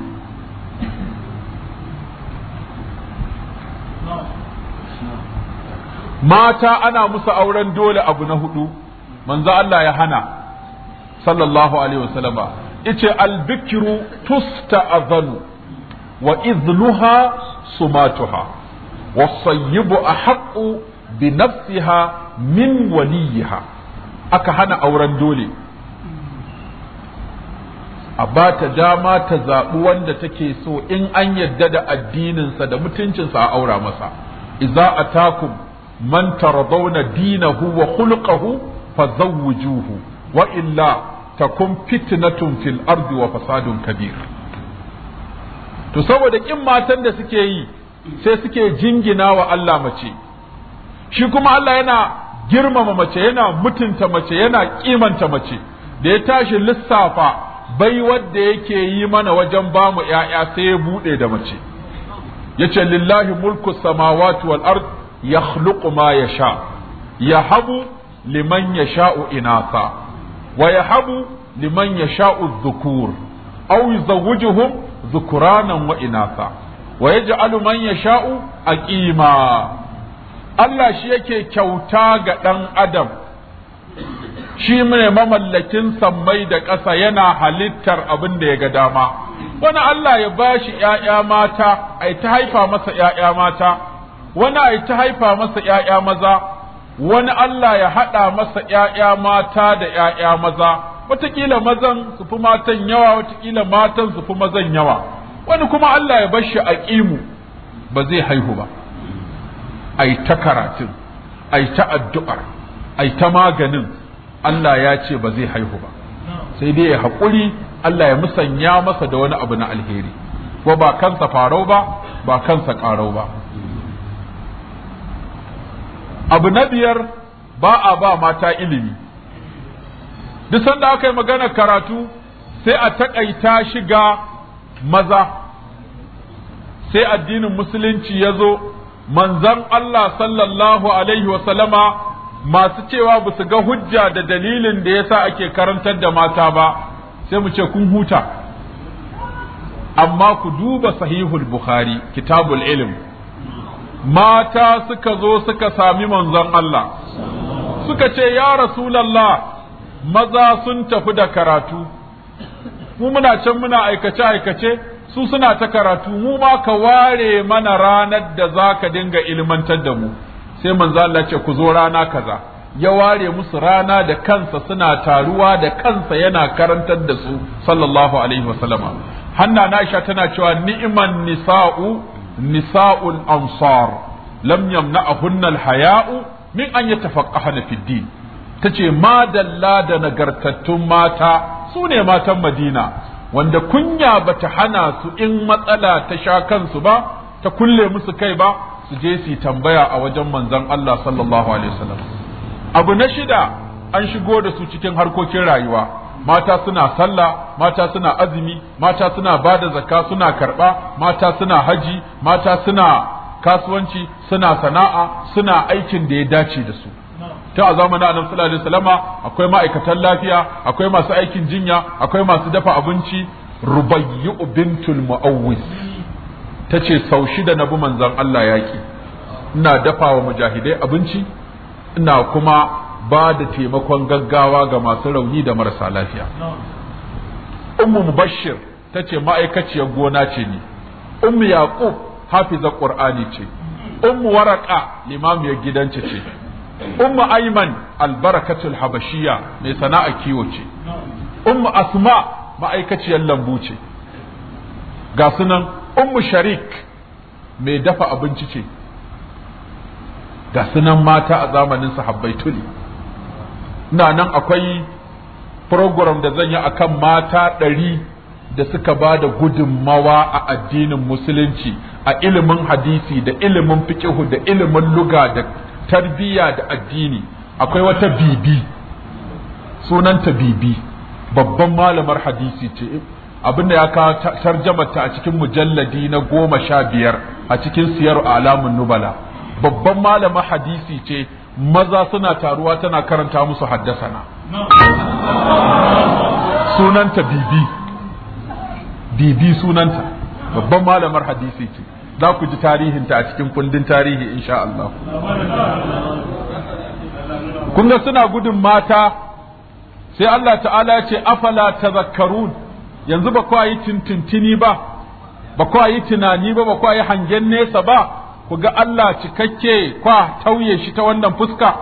mata ana musu auren dole abu na hudu manzo Allah ya hana sallallahu alaihi wasallam yace albikru azanu wa idluha sumatuha wasayyibu ahaqqu bi nafsiha min waliyiha aka hana auren dole a ba ta dama ta zaɓi wanda take so in an yadda da addininsa da mutuncinsa a aura masa iza a atakum man taradawna dinahu wa khulqahu fazawwijuhu wa illa takun fitnatun fil ardi wa fasadun kabir to saboda kin matan da suke yi sai suke jingina wa Allah mace shi kuma Allah yana girmama mace yana mutunta mace yana kimanta mace da ya tashi lissafa bai wadda yake yi mana wajen bamu ‘ya'ya sai ya buɗe da mace ya ce lillahi mulku samawati wal ard ya ma ya sha ya habu liman ya sha u'inasa. wa لمن liman الذكور dhukur يزوجهم yuzawwijuhum dhukuranan wa inatha wa yaj'alu man yasha'u aqima Allah shi yake kyauta ga ɗan adam shi mai mamallakin sammai da ƙasa yana halittar abin da ya ga dama wani Allah ya bashi shi ‘ya'ya mata a ta haifa masa ‘ya'ya mata wani a ta haifa masa ‘ya'ya maza wani Allah ya haɗa masa ‘ya'ya mata da ‘ya'ya maza, wataƙila mazan su fi matan yawa, wataƙila matan su fi mazan yawa, wani kuma Allah ya bar shi a ƙimu ba zai haihu ba. Ai ta karatun, ai ta addu'ar, ai ta maganin, Allah ya ce ba zai haihu ba. Sai dai ya haƙuri, Allah ya musanya masa da wani abu na alheri, ko ba kansa farau ba, ba kansa ƙarau ba. abu na biyar ba a ba mata ilimi duk sanda aka yi magana karatu sai a taƙaita shiga maza sai addinin musulunci ya zo manzan Allah sallallahu alaihi wasallama masu cewa ba su ga hujja da dalilin da ya sa ake karantar da mata ba sai mu ce kun huta amma ku duba sahihul bukhari kitabul ilim. mata suka zo suka sami manzon Allah suka ce ya rasulallah maza sun tafi da karatu mu muna can muna aikace aikace su suna ta karatu mu ma ka ware mana ranar da za ka dinga ilmantar da mu sai manzon Allah ce ku zo rana kaza ya ware musu rana da kansa suna taruwa da kansa yana karantar da su sallallahu alaihi wasallama hanna Aisha tana cewa ni'man nisa'u Nisa'un ansar lam na al-haya'u min an yatafaqqahna fi din tace ma dalla da nagartattun mata su ne matan Madina wanda kunya bata hana su in matsala ta sha kansu ba ta kulle musu kai ba su je su tambaya a wajen manzon Allah sallallahu alaihi wasallam abu na shida an shigo da su cikin harkokin rayuwa mata suna sallah mata suna azumi mata suna bada zakka suna karba mata suna haji mata suna kasuwanci suna sana'a suna aikin da ya dace da su ta a zamanin annabi sallallahu alaihi wasallama akwai ma'aikatan lafiya akwai masu aikin jinya akwai masu dafa abinci rubayyu bintul mu'awwiz tace sau shida na bi manzon Allah yaki ina dafa wa mujahidai abinci ina kuma ba da taimakon gaggawa ga masu rauni da marasa lafiya ummu mubashir ta ce ma'aikaciyar gona ce ni ummu yaqub hafiza ƙur'ani ce ummu waraka limamiyar gidanci ce ummu aiman albarakatul habashiya mai sana'a kiwo ce ummu asma ma'aikaciyar lambu ce ga sunan ummu sharik mai dafa abinci ce ga sunan mata a zamanin sahabbai tuli ina nan akwai program da zan yi akan mata ɗari da suka ba da gudunmawa a addinin musulunci a ilimin hadisi da ilimin fikihu da ilimin luga da tarbiyya da addini akwai wata bibi sunanta bibi babban malamar hadisi ce abinda ya kawo tarjamata a cikin mujalladi na goma sha biyar a cikin siyar alamun nubala babban malamar hadisi ce maza suna taruwa tana karanta musu haddasana sunanta bibi bibi sunanta babban malamar hadisi ce za ku ji tarihinta a cikin kundin tarihi insha Allah kun suna gudun mata sai Allah ta'ala ce afala tazakkarun yanzu ba kwa yi tintintini ba ba kwa yi tunani ba ba kwa yi hangen nesa ba ku ga Allah cikakke kwa tauye shi ta wannan fuska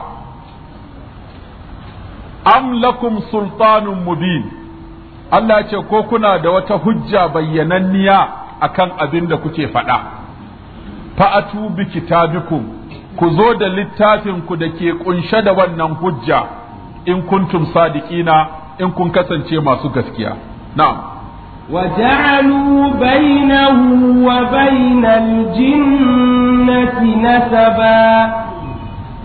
am lakum sultanun mubin Allah ce ko kuna da wata hujja bayyananniya akan abin da kuke faɗa fa'atu bi kitabikum ku zo da littafin ku da ke kunshe da wannan hujja in kuntum sadiqina in kun kasance masu gaskiya na'am bainahu wa bainal الجن الجنة نسبا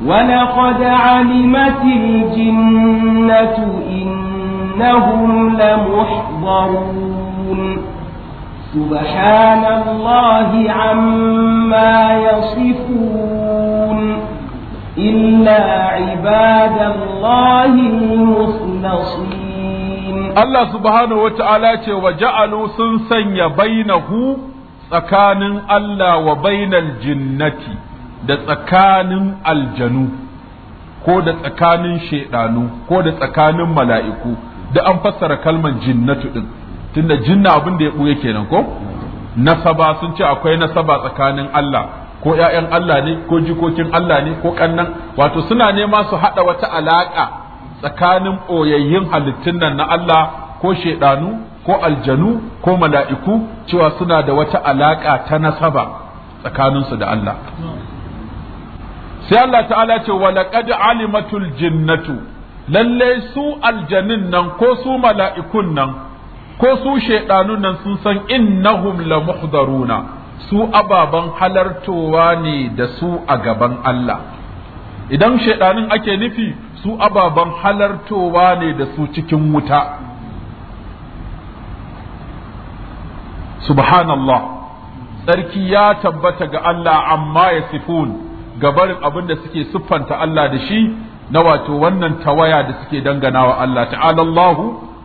ولقد علمت الجنة إنهم لمحضرون سبحان الله عما يصفون إلا عباد الله المخلصين Allah subhanahu wa ta'ala ce wa ja'alu sun sanya bainahu tsakanin Allah wa bainal jinnati da tsakanin aljanu ko da tsakanin shaidanu ko da tsakanin mala'iku da an fassara kalman jinnatu din tunda jinna abin da ya ɓuya kenan ko nasaba sun ce akwai nasaba tsakanin Allah ko ‘ya'yan Allah ne ko jikokin Allah ne ko kannan wato suna nema su haɗa wata alaƙa tsakanin ɓoyayyun halittun nan na Allah ko shaiɗanu. ko aljanu ko mala'iku cewa suna da wata alaƙa ta nasaba tsakaninsu da Allah sai Allah ta'ala ce wa laqad alimatul jinnatu lalle su aljanin nan ko su mala'ikun nan ko su shaidanun nan sun san innahum la muhdaruna su ababen halartowa ne da su a gaban Allah idan shaidanun ake nufi su ababen halartowa ne da su cikin wuta subhanallah tsarki ya tabbata ga Allah amma ya sifun gabarin abin da suke siffanta Allah da shi na wato wannan tawaya da suke dangana wa Allah ta'ala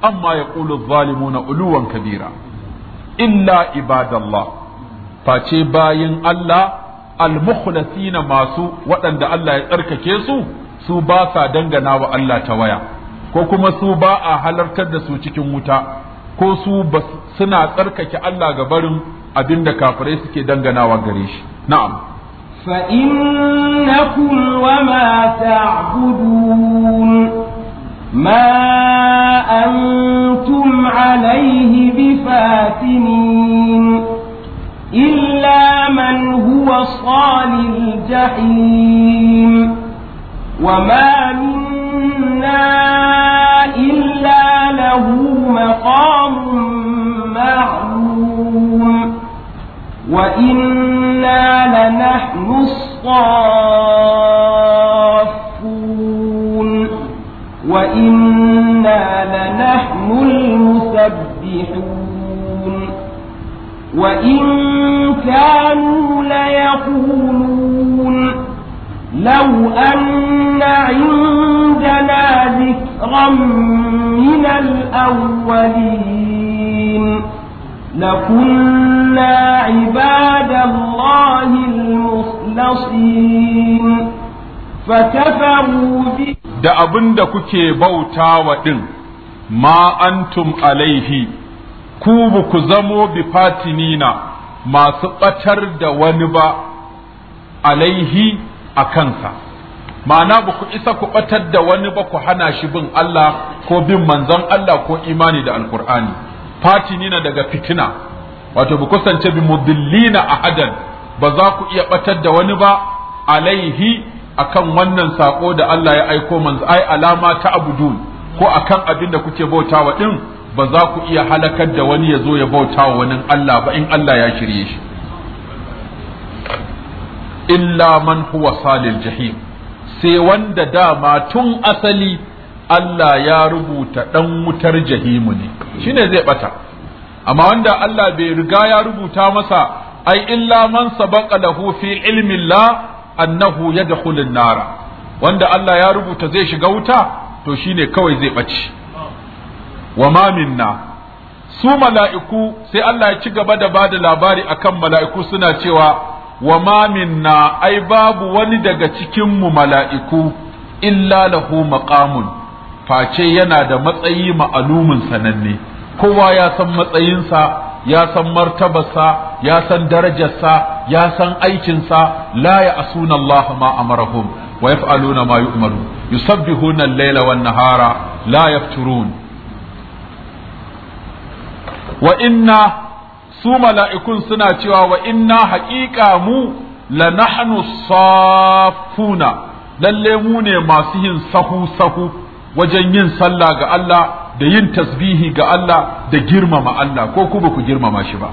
amma ya ƙulu zalimuna uluwan kabira illa ibadallah face bayin Allah almukhlasina masu waɗanda Allah ya tsarkake su su ba sa dangana wa Allah tawaya ko kuma su ba a halartar da su cikin wuta ko su suna tsarkake Allah ga barin abin da kafirai suke danganawa gare shi na'am fa innakum wa mata ta'budun ma alaihi alayhi bifatinin illa man huwa salil wa ma minna illa له مقام معلوم وإنا لنحن الصافون وإنا لنحن المسبحون وإن كانوا ليقولون لو أن عندنا ذكر ذكرا من الأولين لكنا عباد الله المخلصين فكفروا به da abin da kuke bautawa ɗin ma antum alaihi ku ku zamo bifatinina masu ɓatar da wani ba alaihi a kansa ma'ana ba ku isa ku batar da wani ba ku hana shi bin Allah ko bin manzon Allah ko imani da alkur'ani fati nina daga fitina wato ba kusance bi mudillina ahadan ba za ku iya batar da wani ba alaihi akan wannan sako da Allah ya aiko manzo ai alama ta abudu ko akan abin da kuke bautawa din ba za ku iya halakar da wani ya zo ya bautawa wani Allah ba in Allah ya shirye shi illa man huwa salil jahim sai wanda dama tun asali Allah ya rubuta ɗan wutar jahimu ne shine zai ɓata. amma wanda Allah bai riga ya rubuta masa ai illa man sabaqa lahu fi ilmi Allah annahu yadkhulun nara wanda Allah ya rubuta zai shiga wuta to shine kawai zai bace wa ma minna su mala'iku sai Allah ya ci gaba da bada labari akan mala'iku suna cewa wa ma minna ai babu wani daga cikinmu mala'iku illa lahu maqamun face yana da matsayi ma'alumin sananne kowa ya san matsayinsa ya san martabarsa ya san darajarsa ya san aikinsa la ya asuna Allah ma amarahum wa yaf'aluna ma yu'maru yusabbihuna al-laila wan nahara la yafturun wa inna su mala'ikun suna cewa wa inna haƙiƙa mu la nahnu safuna lalle mu ne masu yin sahu sahu wajen yin sallah ga Allah da yin tasbihi ga Allah da girmama Allah ko ku ba ku girmama shi ba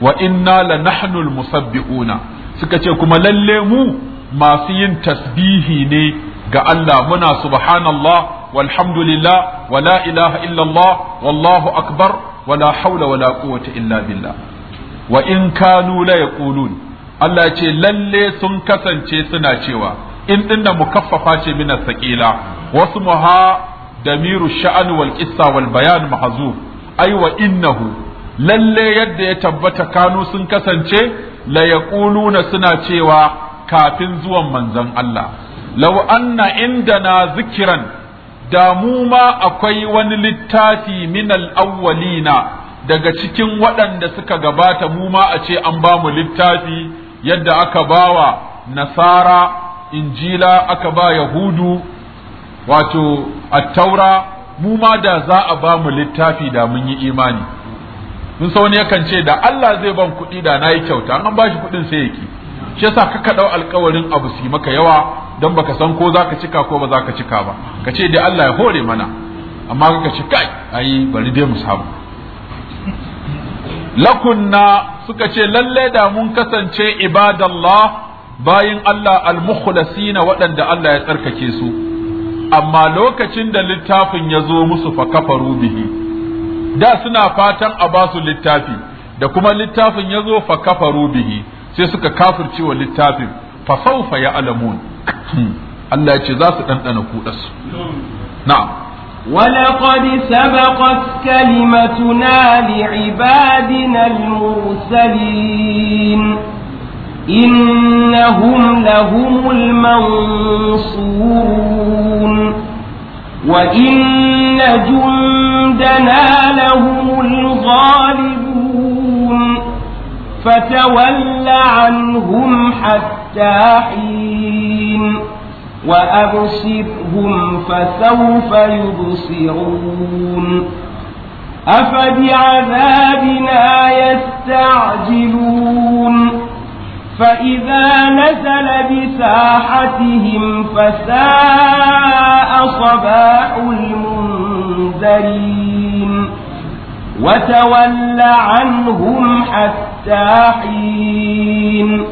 wa inna la nahnu musabbi'una suka ce kuma lalle mu masu yin tasbihi ne ga Allah muna subhanallah walhamdulillah wala ilaha illallah wallahu akbar wala haula wala quwwata illa billah wa in kanu laya yaqulun Allah ce lalle sun kasance suna cewa in dinna mukaffafa ce min saqila wasu muha damiru sha'an wal qissa wal bayan mahzuf ai wa innahu lalle yadda ya tabbata kanu sun kasance la yaquluna suna cewa kafin zuwan manzon Allah law anna indana zikiran. da mu ma akwai wani littafi min al-awwalina daga cikin waɗanda suka gabata mu ma a ce an ba mu littafi yadda aka bawa nasara injila aka ba yahudu wato attaura mu ma da za a ba mu littafi da mun yi imani mun sa wani yakan ce da Allah zai ban kuɗi da na yi kyauta an ba shi kuɗin sai ya shi yasa kaka ɗau alkawarin abu su maka yawa don baka san ko zaka cika ko ba zaka cika ba ka ce dai Allah ya hore mana amma ka ce kai ayi bari dai mu samu lakunna suka ce lalle da mun kasance ibadallah bayin Allah al-mukhlasina waɗanda Allah ya tsarkake su amma lokacin da littafin ya zo musu fa kafaru bihi da suna fatan a ba su littafi da kuma littafin ya zo fa kafaru bihi sai suka kafirce wa littafin fa sawfa ya alamun Hmm. Allah ya ce za su ɗanɗana kuɗarsu na'am ولقد سبقت كلمتنا لعبادنا المرسلين إنهم لهم المنصورون وإن جندنا لهم الغالبون فتول عنهم حتى حين وأبصرهم فسوف يبصرون أفبعذابنا يستعجلون فإذا نزل بساحتهم فساء صباح المنذرين وتول عنهم حتى حين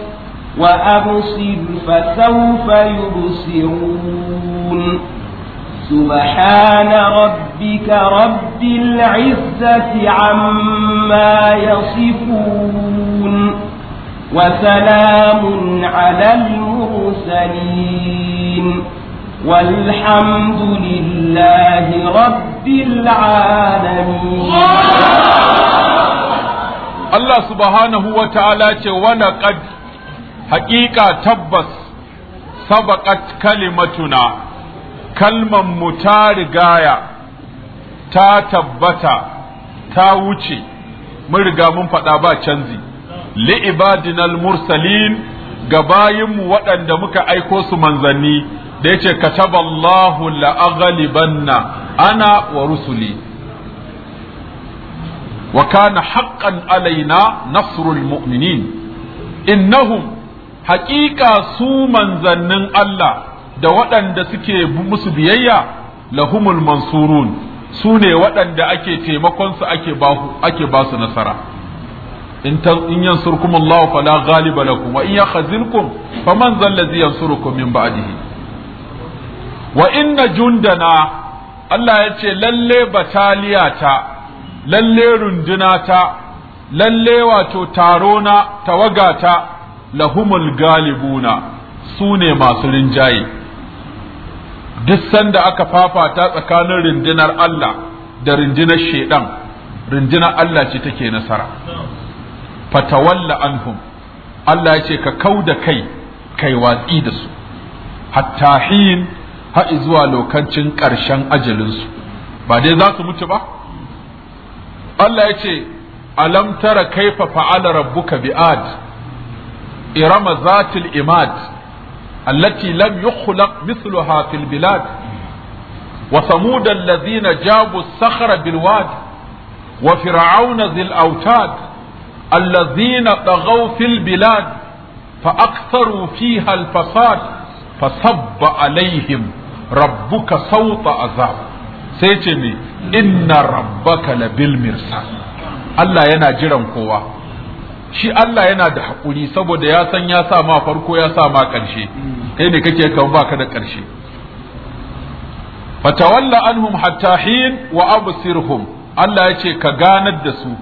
وأبصر فسوف يبصرون سبحان ربك رب العزة عما يصفون وسلام على المرسلين والحمد لله رب رب العالمين الله سبحانه وتعالى ce wala haƙiƙa, tabbas sabaqat kalimatuna kalman mu ta rigaya ta tabbata ta wuce mun riga mun faɗa ba canzi li ibadinal mursalin ga bayinmu waɗanda muka aiko su manzanni da yace kataballahu la na. ana wa rusuli wa kana haqqan alaina nasrul mu'minin innahum haƙiƙa su manzannin Allah da waɗanda suke musu biyayya lahumul mansurun su ne waɗanda ake taimakonsu ake ba su nasara in yansurkum Allah fala ghaliba lakum wa in yakhzilkum faman zal ladhi yansurukum min ba'dihi wa inna jundana Allah ya ce lalle bataliya ta lalle runduna ta lalle wato taro na tawaga ta lahumul galibuna su ne masu rinjaye duk sanda aka fafata tsakanin rundunar Allah da rundunar shaidan rundunar Allah ce take nasara fatawalla anhum Allah ya ce ka kau da kai kai watsi da su hatta har zuwa lokacin ƙarshen ajalinsu ba dai za su mutu ba Allah ya ce alam tara kaifa fa'ala rabbuka bi'ad irama zatil imad allati lam yukhlaq mithluha fil bilad wa samud alladhina jabu sakhra bil wad wa fir'auna zil awtad alladhina taghaw fil bilad فأكثروا فيها الفساد fasabba عليهم rabbuka sauta azab sai ce me inna rabbaka labil mirsal Allah yana jiran kowa shi Allah yana da haƙuri saboda ya san ya sa ma farko ya sa ma ƙarshe kai ne kake kan baka da ƙarshe fatawalla anhum hatta hin wa absirhum Allah ya ce ka ganar da su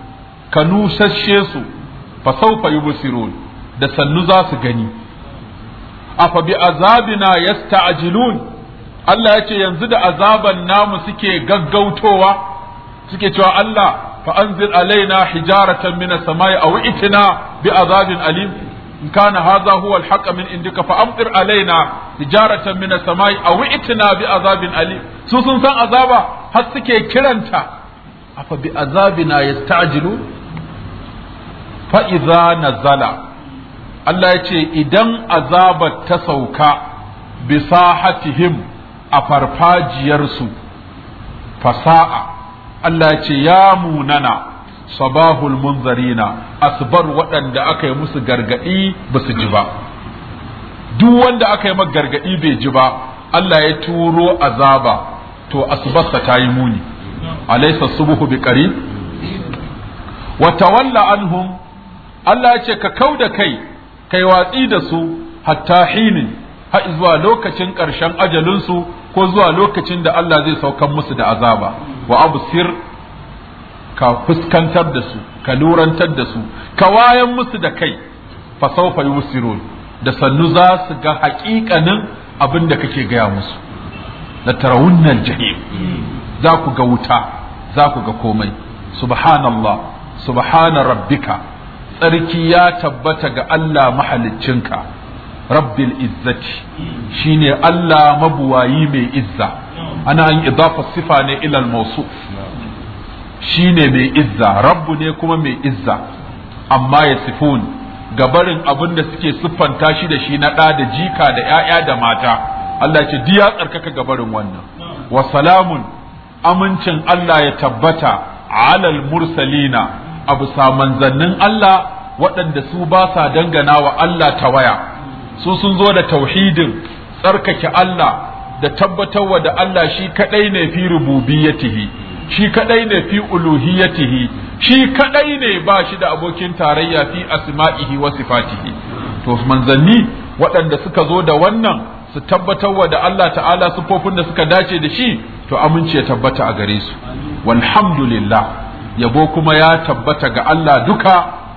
ka nusashe su fa sawfa yubsirun da sannu za su gani afa bi azabina yasta'jilun Allah ya ce yanzu da azaban namu suke gaggautowa suke cewa Allah fa anzil alaina hijaratan min as-samai aw itina bi azabin alim in kana hadha huwa al-haqq min indika fa amtir alaina hijaratan min as-samai aw itina bi azabin alim su sun san azaba har suke kiranta afa bi azabina yasta'jilu fa idza nazala Allah ya ce idan azabar ta sauka bi sahatihim a farfajiyarsu fasa'a Allah ya ce ya munana sabahul munzarina asbar waɗanda aka yi musu gargaɗi ba su ji ba duk wanda aka yi gargaɗi bai ji ba Allah ya turo azaba to asbarsa ta yi muni alaisa subuhu bi ƙari wa tawalla anhum Allah ya ce ka kau da kai kai watsi da su hatta hinin har zuwa lokacin ƙarshen ajalinsu ko zuwa lokacin da Allah zai saukan musu da azaba wa absir ka fuskantar da su ka lurantar da su ka wayan musu da kai fa sawfa yusirun da sannu za su ga haƙiƙanin abin da kake gaya musu la tarawunnal jahim za ku ga wuta za ku ga komai subhanallah subhana rabbika tsarki ya tabbata ga Allah mahaliccinka rabbil izzati shine Allah mabuwayi mai izza ana yin idafa sifa ne ilal mawsuf shine mai izza rabbu ne kuma mai izza amma ya sifun gabarin abun da suke siffanta shi da shi na ɗa da jika da ‘ya'ya da mata Allah ce diya tsarkaka gabarin wannan wa salamun amincin Allah ya tabbata alal mursalina abu samanzannin Allah waɗanda su ba sa dangana wa Allah ta waya su sun zo da tauhidin tsarkake Allah da tabbatarwa da Allah shi kadai ne fi rububiyatihi shi kadai ne fi uluhiyatihi shi kadai ne ba shi da abokin tarayya fi asma'ihi wa sifatihi to manzanni waɗanda suka zo da wannan su tabbatarwa da Allah ta'ala sufofin da suka dace da shi to amince ya tabbata a gare su walhamdulillah yabo kuma ya tabbata ga Allah duka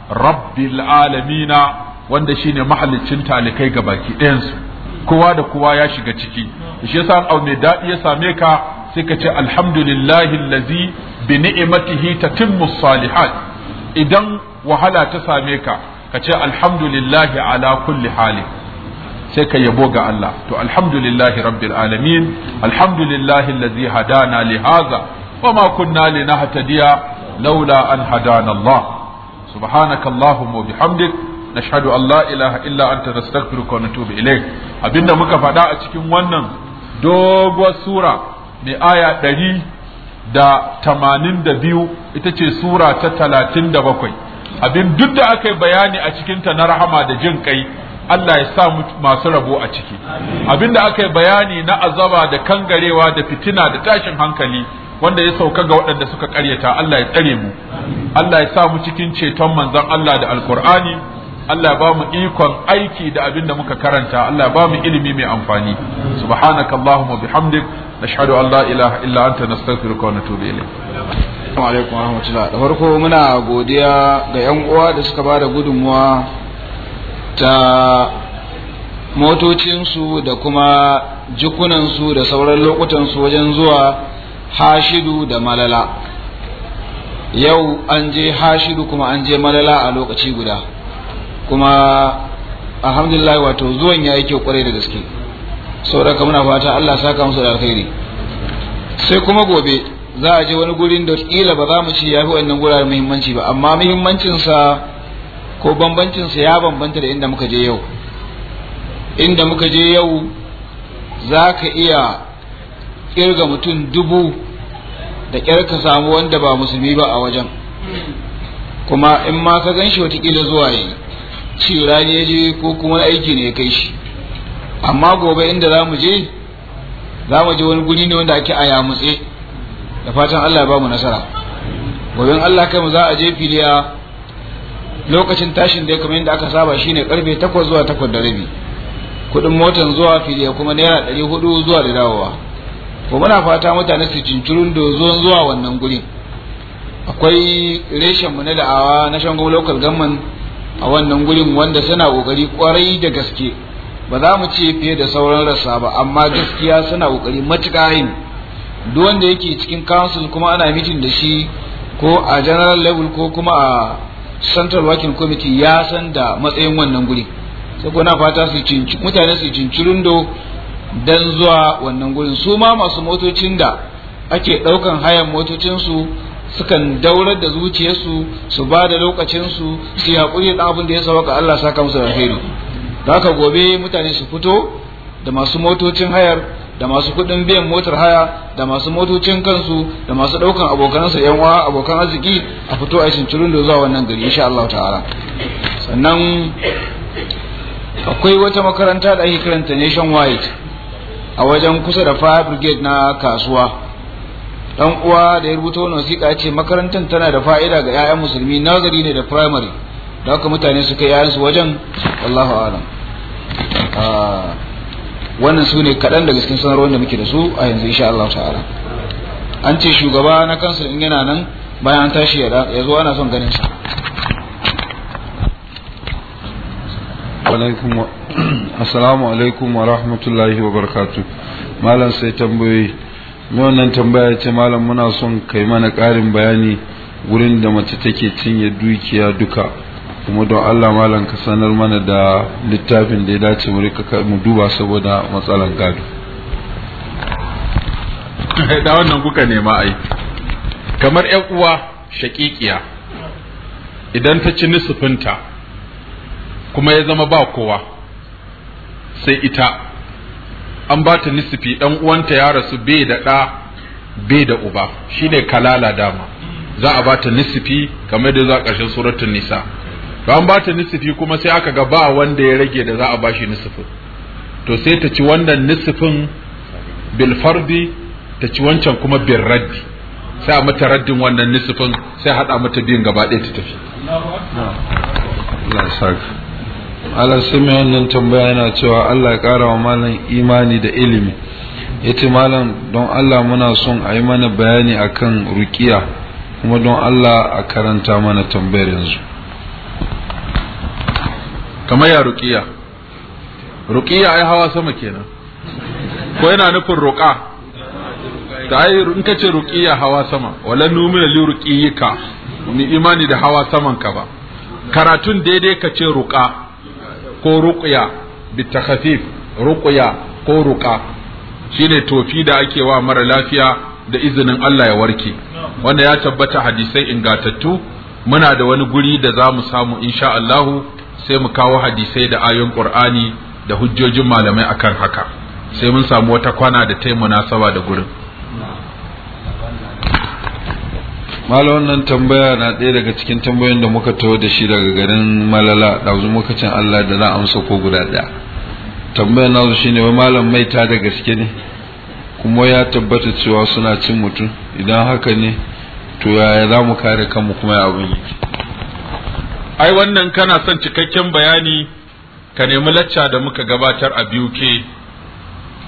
rabbil alamina wanda shine mahallicin talikai ga baki ɗayansu kowa da kowa ya shiga ciki shi yasa au mai daɗi ya same ka sai ka ce alhamdulillahi allazi bi ni'matihi tatimmu salihat idan wahala ta same ka ka ce alhamdulillahi ala kulli hali sai ka yabo ga Allah to alhamdulillahi rabbil alamin alhamdulillahi allazi hadana li hadha wama kunna linahtadiya laula an hadana Allah subhanakallahumma bihamdika nashhadu an la ilaha illa anta nastaghfiruka wa natubu ilayk abinda muka faɗa a cikin wannan doguwar sura mai aya ɗari da tamanin da biyu ita ce sura ta talatin da bakwai abin duk da aka bayani a cikinta na rahama da jin kai Allah ya sa masu rabo a ciki abin da aka yi bayani na azaba da kangarewa da fitina da tashin hankali wanda ya sauka ga waɗanda suka karyata, Allah ya tsare mu Allah ya sa mu cikin ceton manzon Allah da alkur'ani Allah ba mu ikon aiki da abin da muka karanta Allah ba mu ilimi mai amfani allahumma bihamdik nashhadu an la ilaha illa anta nastaghfiruka wa natubu ilayk assalamu alaikum wa rahmatullahi da farko muna godiya ga yan uwa da suka bada gudunmuwa ta motocinsu da kuma jikunansu da sauran lokutansu wajen zuwa hashidu da malala yau an je hashidu kuma an je malala a lokaci guda kuma alhamdulillah wato zuwan ya yi kyau kwarai da gaske sauraka muna fata Allah saka musu da alkhairi sai kuma gobe za a je wani gurin da kila ba za mu ci yafi wannan guraren muhimmanci ba amma muhimmancinsa ko bambancinsa ya bambanta da inda muka je yau inda muka je yau za ka iya kirga mutum dubu da kyar ka samu wanda ba musulmi ba a wajen kuma in ma ka ganshi shi watakila zuwa yi ci ne ya je ko kuma aiki ne ya kai shi amma gobe inda za mu je za mu je wani guri ne wanda ake aya mutse da fatan Allah ya ba mu nasara gobe Allah kai mu za a je filiya lokacin tashin da ya kamar yadda aka saba shine karfe 8 zuwa 8 da rabi kudin motan zuwa filiya kuma naira 400 zuwa da dawowa ko muna fata mutane su cincirun da zuwan zuwa wannan gurin akwai reshen mu na da'awa na shangon local government a wannan gurin wanda suna kokari kwarai da gaske ba za mu ce fiye da sauran rasa ba amma gaskiya suna kokari matuƙa yin duk wanda yake cikin council kuma ana mitin da shi ko a general level ko kuma a central working committee ya san da matsayin wannan guri sai na fata su cinci mutane su cinci rundo dan zuwa wannan gurin su ma masu motocin da ake daukan hayan motocin su sukan daurar da zuciyarsu su ba da lokacinsu su haƙuri da abin da ya sauka Allah saka musu da alheri haka gobe mutane su fito da masu motocin hayar da masu kuɗin biyan motar haya da masu motocin kansu da masu ɗaukan abokanansa yan uwa abokan arziki a fito a cincirin da zuwa wannan gari insha Allah ta'ala sannan akwai wata makaranta da ake kiranta Nation a wajen kusa da Fire Brigade na kasuwa dan uwa da ya rubuta wannan wasiƙa ce makarantar tana da fa'ida ga 'ya'yan musulmi nazari ne da primary da haka mutane su kai 'ya'yansu wajen Allahu a'lam ah, wannan su ne kaɗan daga cikin sanarwar da muke da su a yanzu insha Allah ta'ala an ce shugaba na kansu in yana nan bayan an tashi ya zo ana son ganin sa assalamu alaikum wa rahmatullahi wa barakatuh malam sai tambayoyi mai wannan tambaya ce malam muna son kai mana ƙarin bayani wurin da mace take cinye dukiya duka kuma don Allah malam ka sanar mana da littafin da ya dace mu rika mu duba saboda matsalan gado da wannan kuka nema ai kamar ƴan uwa shaƙiƙiya idan ta ci nisufinta kuma ya zama ba kowa sai ita an ba ta nisifi dan uwanta ya rasu bai da ɗa bai da uba shine kalala dama za a ba ta nisifi kamar da za ƙarshen suratul nisa To an ba ta nisifi kuma sai aka ga ba wanda ya rage da za a ba shi nisifin to sai ta ci wannan nisifin bil fardi ta ci wancan kuma bil raddi sai a mata raddin wannan nisifin sai haɗa mata biyun gaba ɗaya ta tafi ala sami wannan tambaya yana cewa Allah ya kara wa malam imani da ilimi yace malam don Allah muna son a yi mana bayani akan rukiya kuma don Allah a karanta mana tambayar yanzu kamar ya rukiya rukiya ai hawa sama kenan ko yana nufin roƙa ta yi in ka ce rukiya hawa sama wala numina li ruqiyika ni imani da hawa saman ka ba karatun daidai ka ce roƙa ko ruqya bitakhafif ruqya ko ruqa shine tofi da ake wa mara lafiya da izinin Allah ya warke wanda ya tabbata hadisai ingatattu muna da wani guri da za mu samu insha Allahu sai mu kawo hadisai da ayoyin Qur'ani da hujjojin malamai akan haka sai mun samu wata kwana da ta munasaba da gurin mala wannan tambaya na ɗaya daga cikin tambayoyin da muka taho da shi daga garin malala ɗazu muka can Allah da na amsa ko guda ɗaya tambayar na nasu shine wai malam mai ta da gaske ne kuma ya tabbata cewa suna cin mutum idan haka ne to yaya za mu kare kanmu kuma ya abin yi ai wannan kana son cikakken bayani ka nemi lacca da muka gabatar a BUK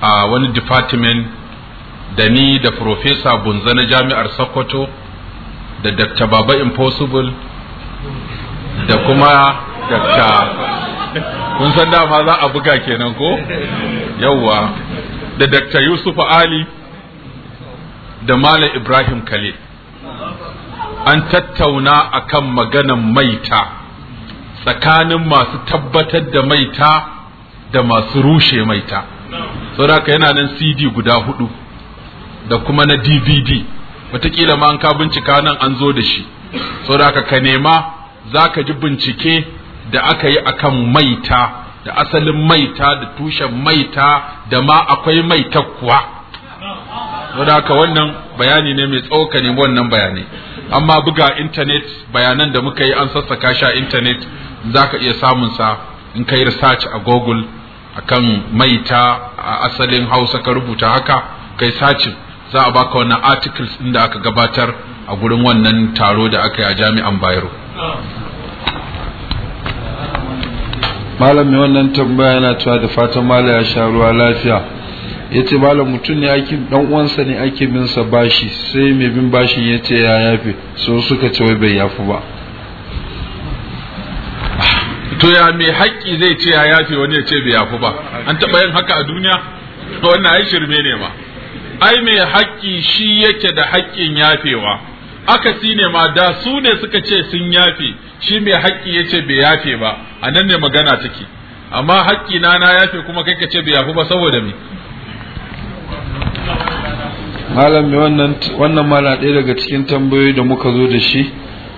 a wani department da ni da Profesa Bunza na Jami'ar Sokoto da dr baba impossible da kuma dr kun san dama za a buga kenan ko yawwa da dr yusuf ali da malam ibrahim Kale. an tattauna a kan maganan maita tsakanin masu tabbatar da maita da masu rushe maita saboda yana nan cd guda hudu da kuma na dvd wataƙila ma an ka bincika nan an zo da shi saboda ka nema za ka ji bincike da aka yi akan maita da asalin maita da tushen maita da ma akwai maita kuwa saboda haka wannan bayani ne mai ka ne wannan bayanai amma buga intanet bayanan da muka yi an sassaka shi a intanet za ka iya samun sa in yi research a google akan maita a asalin hausa ka rubuta haka kai sacin za a baka wannan articles din da aka gabatar a gurin wannan taro da aka yi a jami'an bayero malam mai wannan tambaya yana cewa da fatan malam ya sha ruwa lafiya ya ce malam mutum ne ake dan uwansa ne ake bin sa bashi sai mai bin bashin ya ce ya yafe so suka ce wai bai yafi ba to ya mai haƙƙi zai ce ya yafe wani ya ce bai yafi ba an taɓa yin haka a duniya wannan ai shirme ne ma ai mai hakki shi yake da hakkin yafewa aka ne ma da su ne suka ce sun yafe shi mai haƙƙi ya ce bai yafe ba a nan ne magana take amma haƙƙi na na yafe kuma kai ka ce bai yafe ba saboda me malam wannan wannan mala ɗaya daga cikin tambayoyi da muka zo da shi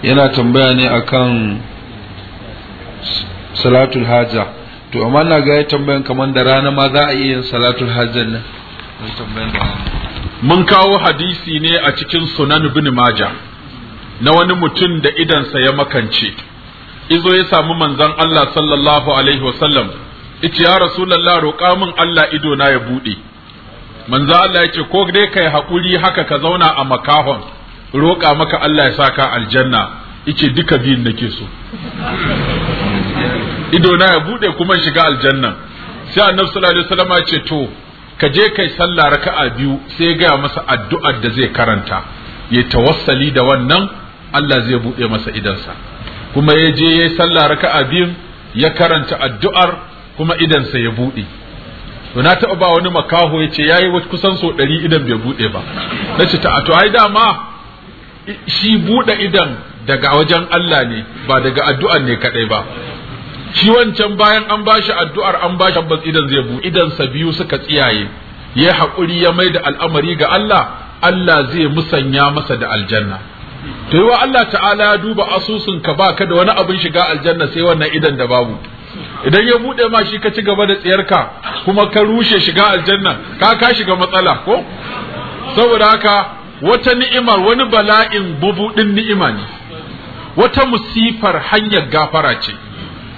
yana tambaya ne akan salatul haja to amma na ga ya tambayan kamar da rana ma za a iya yin salatul hajjan nan mun kawo hadisi ne a cikin sunan ibn maja na wani mutum da idansa ya makance izo ya samu manzon Allah sallallahu alaihi wasallam yace ya rasulullah roƙa min Allah ido na ya bude manzo Allah yace ko dai kai hakuri haka ka zauna a makahon roƙa maka Allah ya saka aljanna Ice duka biyun nake so ido na ya bude kuma shiga aljanna sai annabi sallallahu alaihi wasallam ya ce to ka je kai sallah raka'a biyu sai gaya masa addu'ar da zai karanta ya tawassali da wannan Allah zai buɗe masa idansa kuma ya je ya yi sallah raka'a biyun ya karanta addu'ar kuma idansa ya buɗe to na taɓa ba wani makaho ya ce ya kusan sau ɗari idan bai buɗe ba na ce ta to ai dama shi buɗe idan daga wajen Allah ne ba daga addu'ar ne kaɗai ba shi wancan bayan an bashi addu'ar an bashi tabbas idan zai bu idan biyu suka tsiyaye ya haƙuri ya mai da al'amari ga Allah Allah zai musanya masa da aljanna to Allah ta'ala ya duba asusun ka baka da wani abin shiga aljanna sai wannan idan da babu idan ya bude ma shi ka ci gaba da ka, kuma ka rushe shiga aljanna ka ka shiga matsala ko saboda haka wata ni'imar wani bala'in bubu din ni'ima ne wata musifar hanyar gafara ce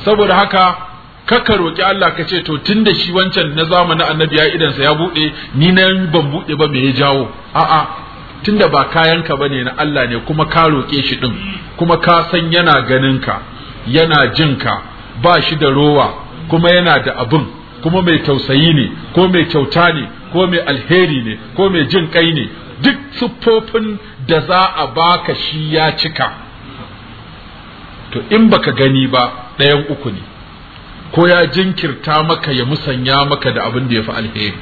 saboda haka kaka roki Allah ka ce to tun da shi wancan na zamanin annabi ya idan ya buɗe, ni na ban bude ba me ya jawo a'a da ba kayanka ba ne na Allah ne kuma ka roke shi ɗin? kuma ka san yana ganin ka yana jin ka ba shi da rowa kuma yana da abin kuma mai tausayi ne ko mai kyauta ne ko mai alheri ne ko mai jin kai ne duk siffofin da za a baka shi ya cika to in baka gani ba ɗayan uku ne ko ya jinkirta maka ya musanya maka da abin da ya fi alheri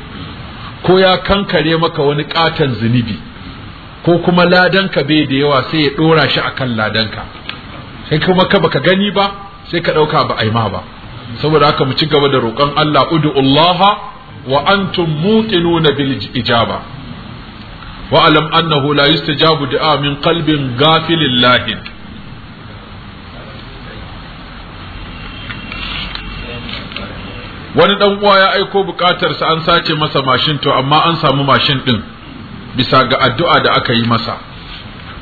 ko ya kankare maka wani ƙaton zunubi ko kuma ladanka bai da yawa sai ya ɗora shi a kan ladanka sai kuma ka baka gani ba sai ka ɗauka ba aima ba saboda haka mu ci gaba da roƙon Allah ud'ullaha wa antum muqinuna bil ijaba wa alam annahu la yustajabu du'a min qalbin ghafilillahi lahin wani dan uwa ya aiko sa an sace masa mashin to amma an samu mashin din bisa ga addu'a da aka yi masa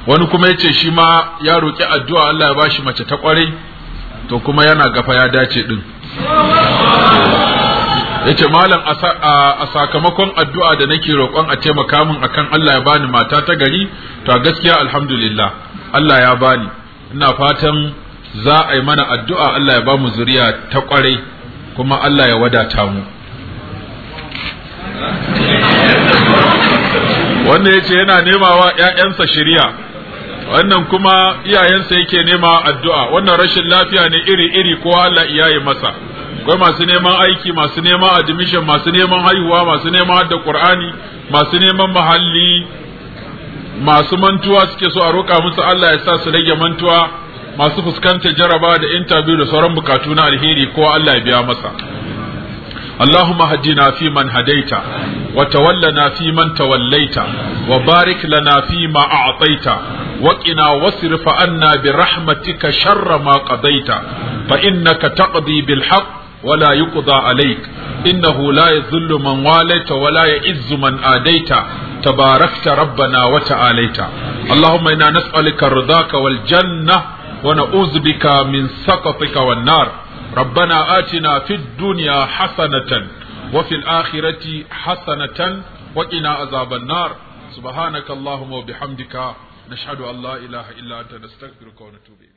wani kuma yace shi ma ya roki addu'a Allah ya bashi mace ta kware to kuma yana gafa ya dace din yace malam a sakamakon addu'a da nake roƙon a taimaka min akan Allah ya bani mata ta gari to a gaskiya alhamdulillah Allah ya bani ina fatan za a yi mana addu'a Allah ya ba mu zuriya ta kwarai kuma Allah ya wadata mu wanda ya ce yana wa ‘ya'yansa shirya wannan kuma iyayensa yake nema addu'a wannan rashin lafiya ne iri-iri ko Allah yi masa akwai masu neman aiki masu neman admission masu neman haihuwa masu neman da Qur'ani masu neman mahalli masu mantuwa suke so a roƙa musu Allah ya sa su rage mantuwa masu fuskantar jaraba da interview da sauran bukatu na alheri ko Allah ya biya masa اللهم هدنا فيمن هديت وتولنا فيمن توليت وبارك لنا فيما أعطيت وقنا واصرف عنا برحمتك شر ما قضيت فإنك تقضي بالحق ولا يقضى عليك إنه لا يذل من واليت ولا يئز من آديت تباركت ربنا وتعاليت اللهم إنا نسألك رضاك والجنة ونعوذ بك من سخطك والنار ربنا آتنا في الدنيا حسنة وفي الآخرة حسنة وقنا عذاب النار سبحانك اللهم وبحمدك نشهد أن لا إله إلا أنت نستغفرك ونتوب إليك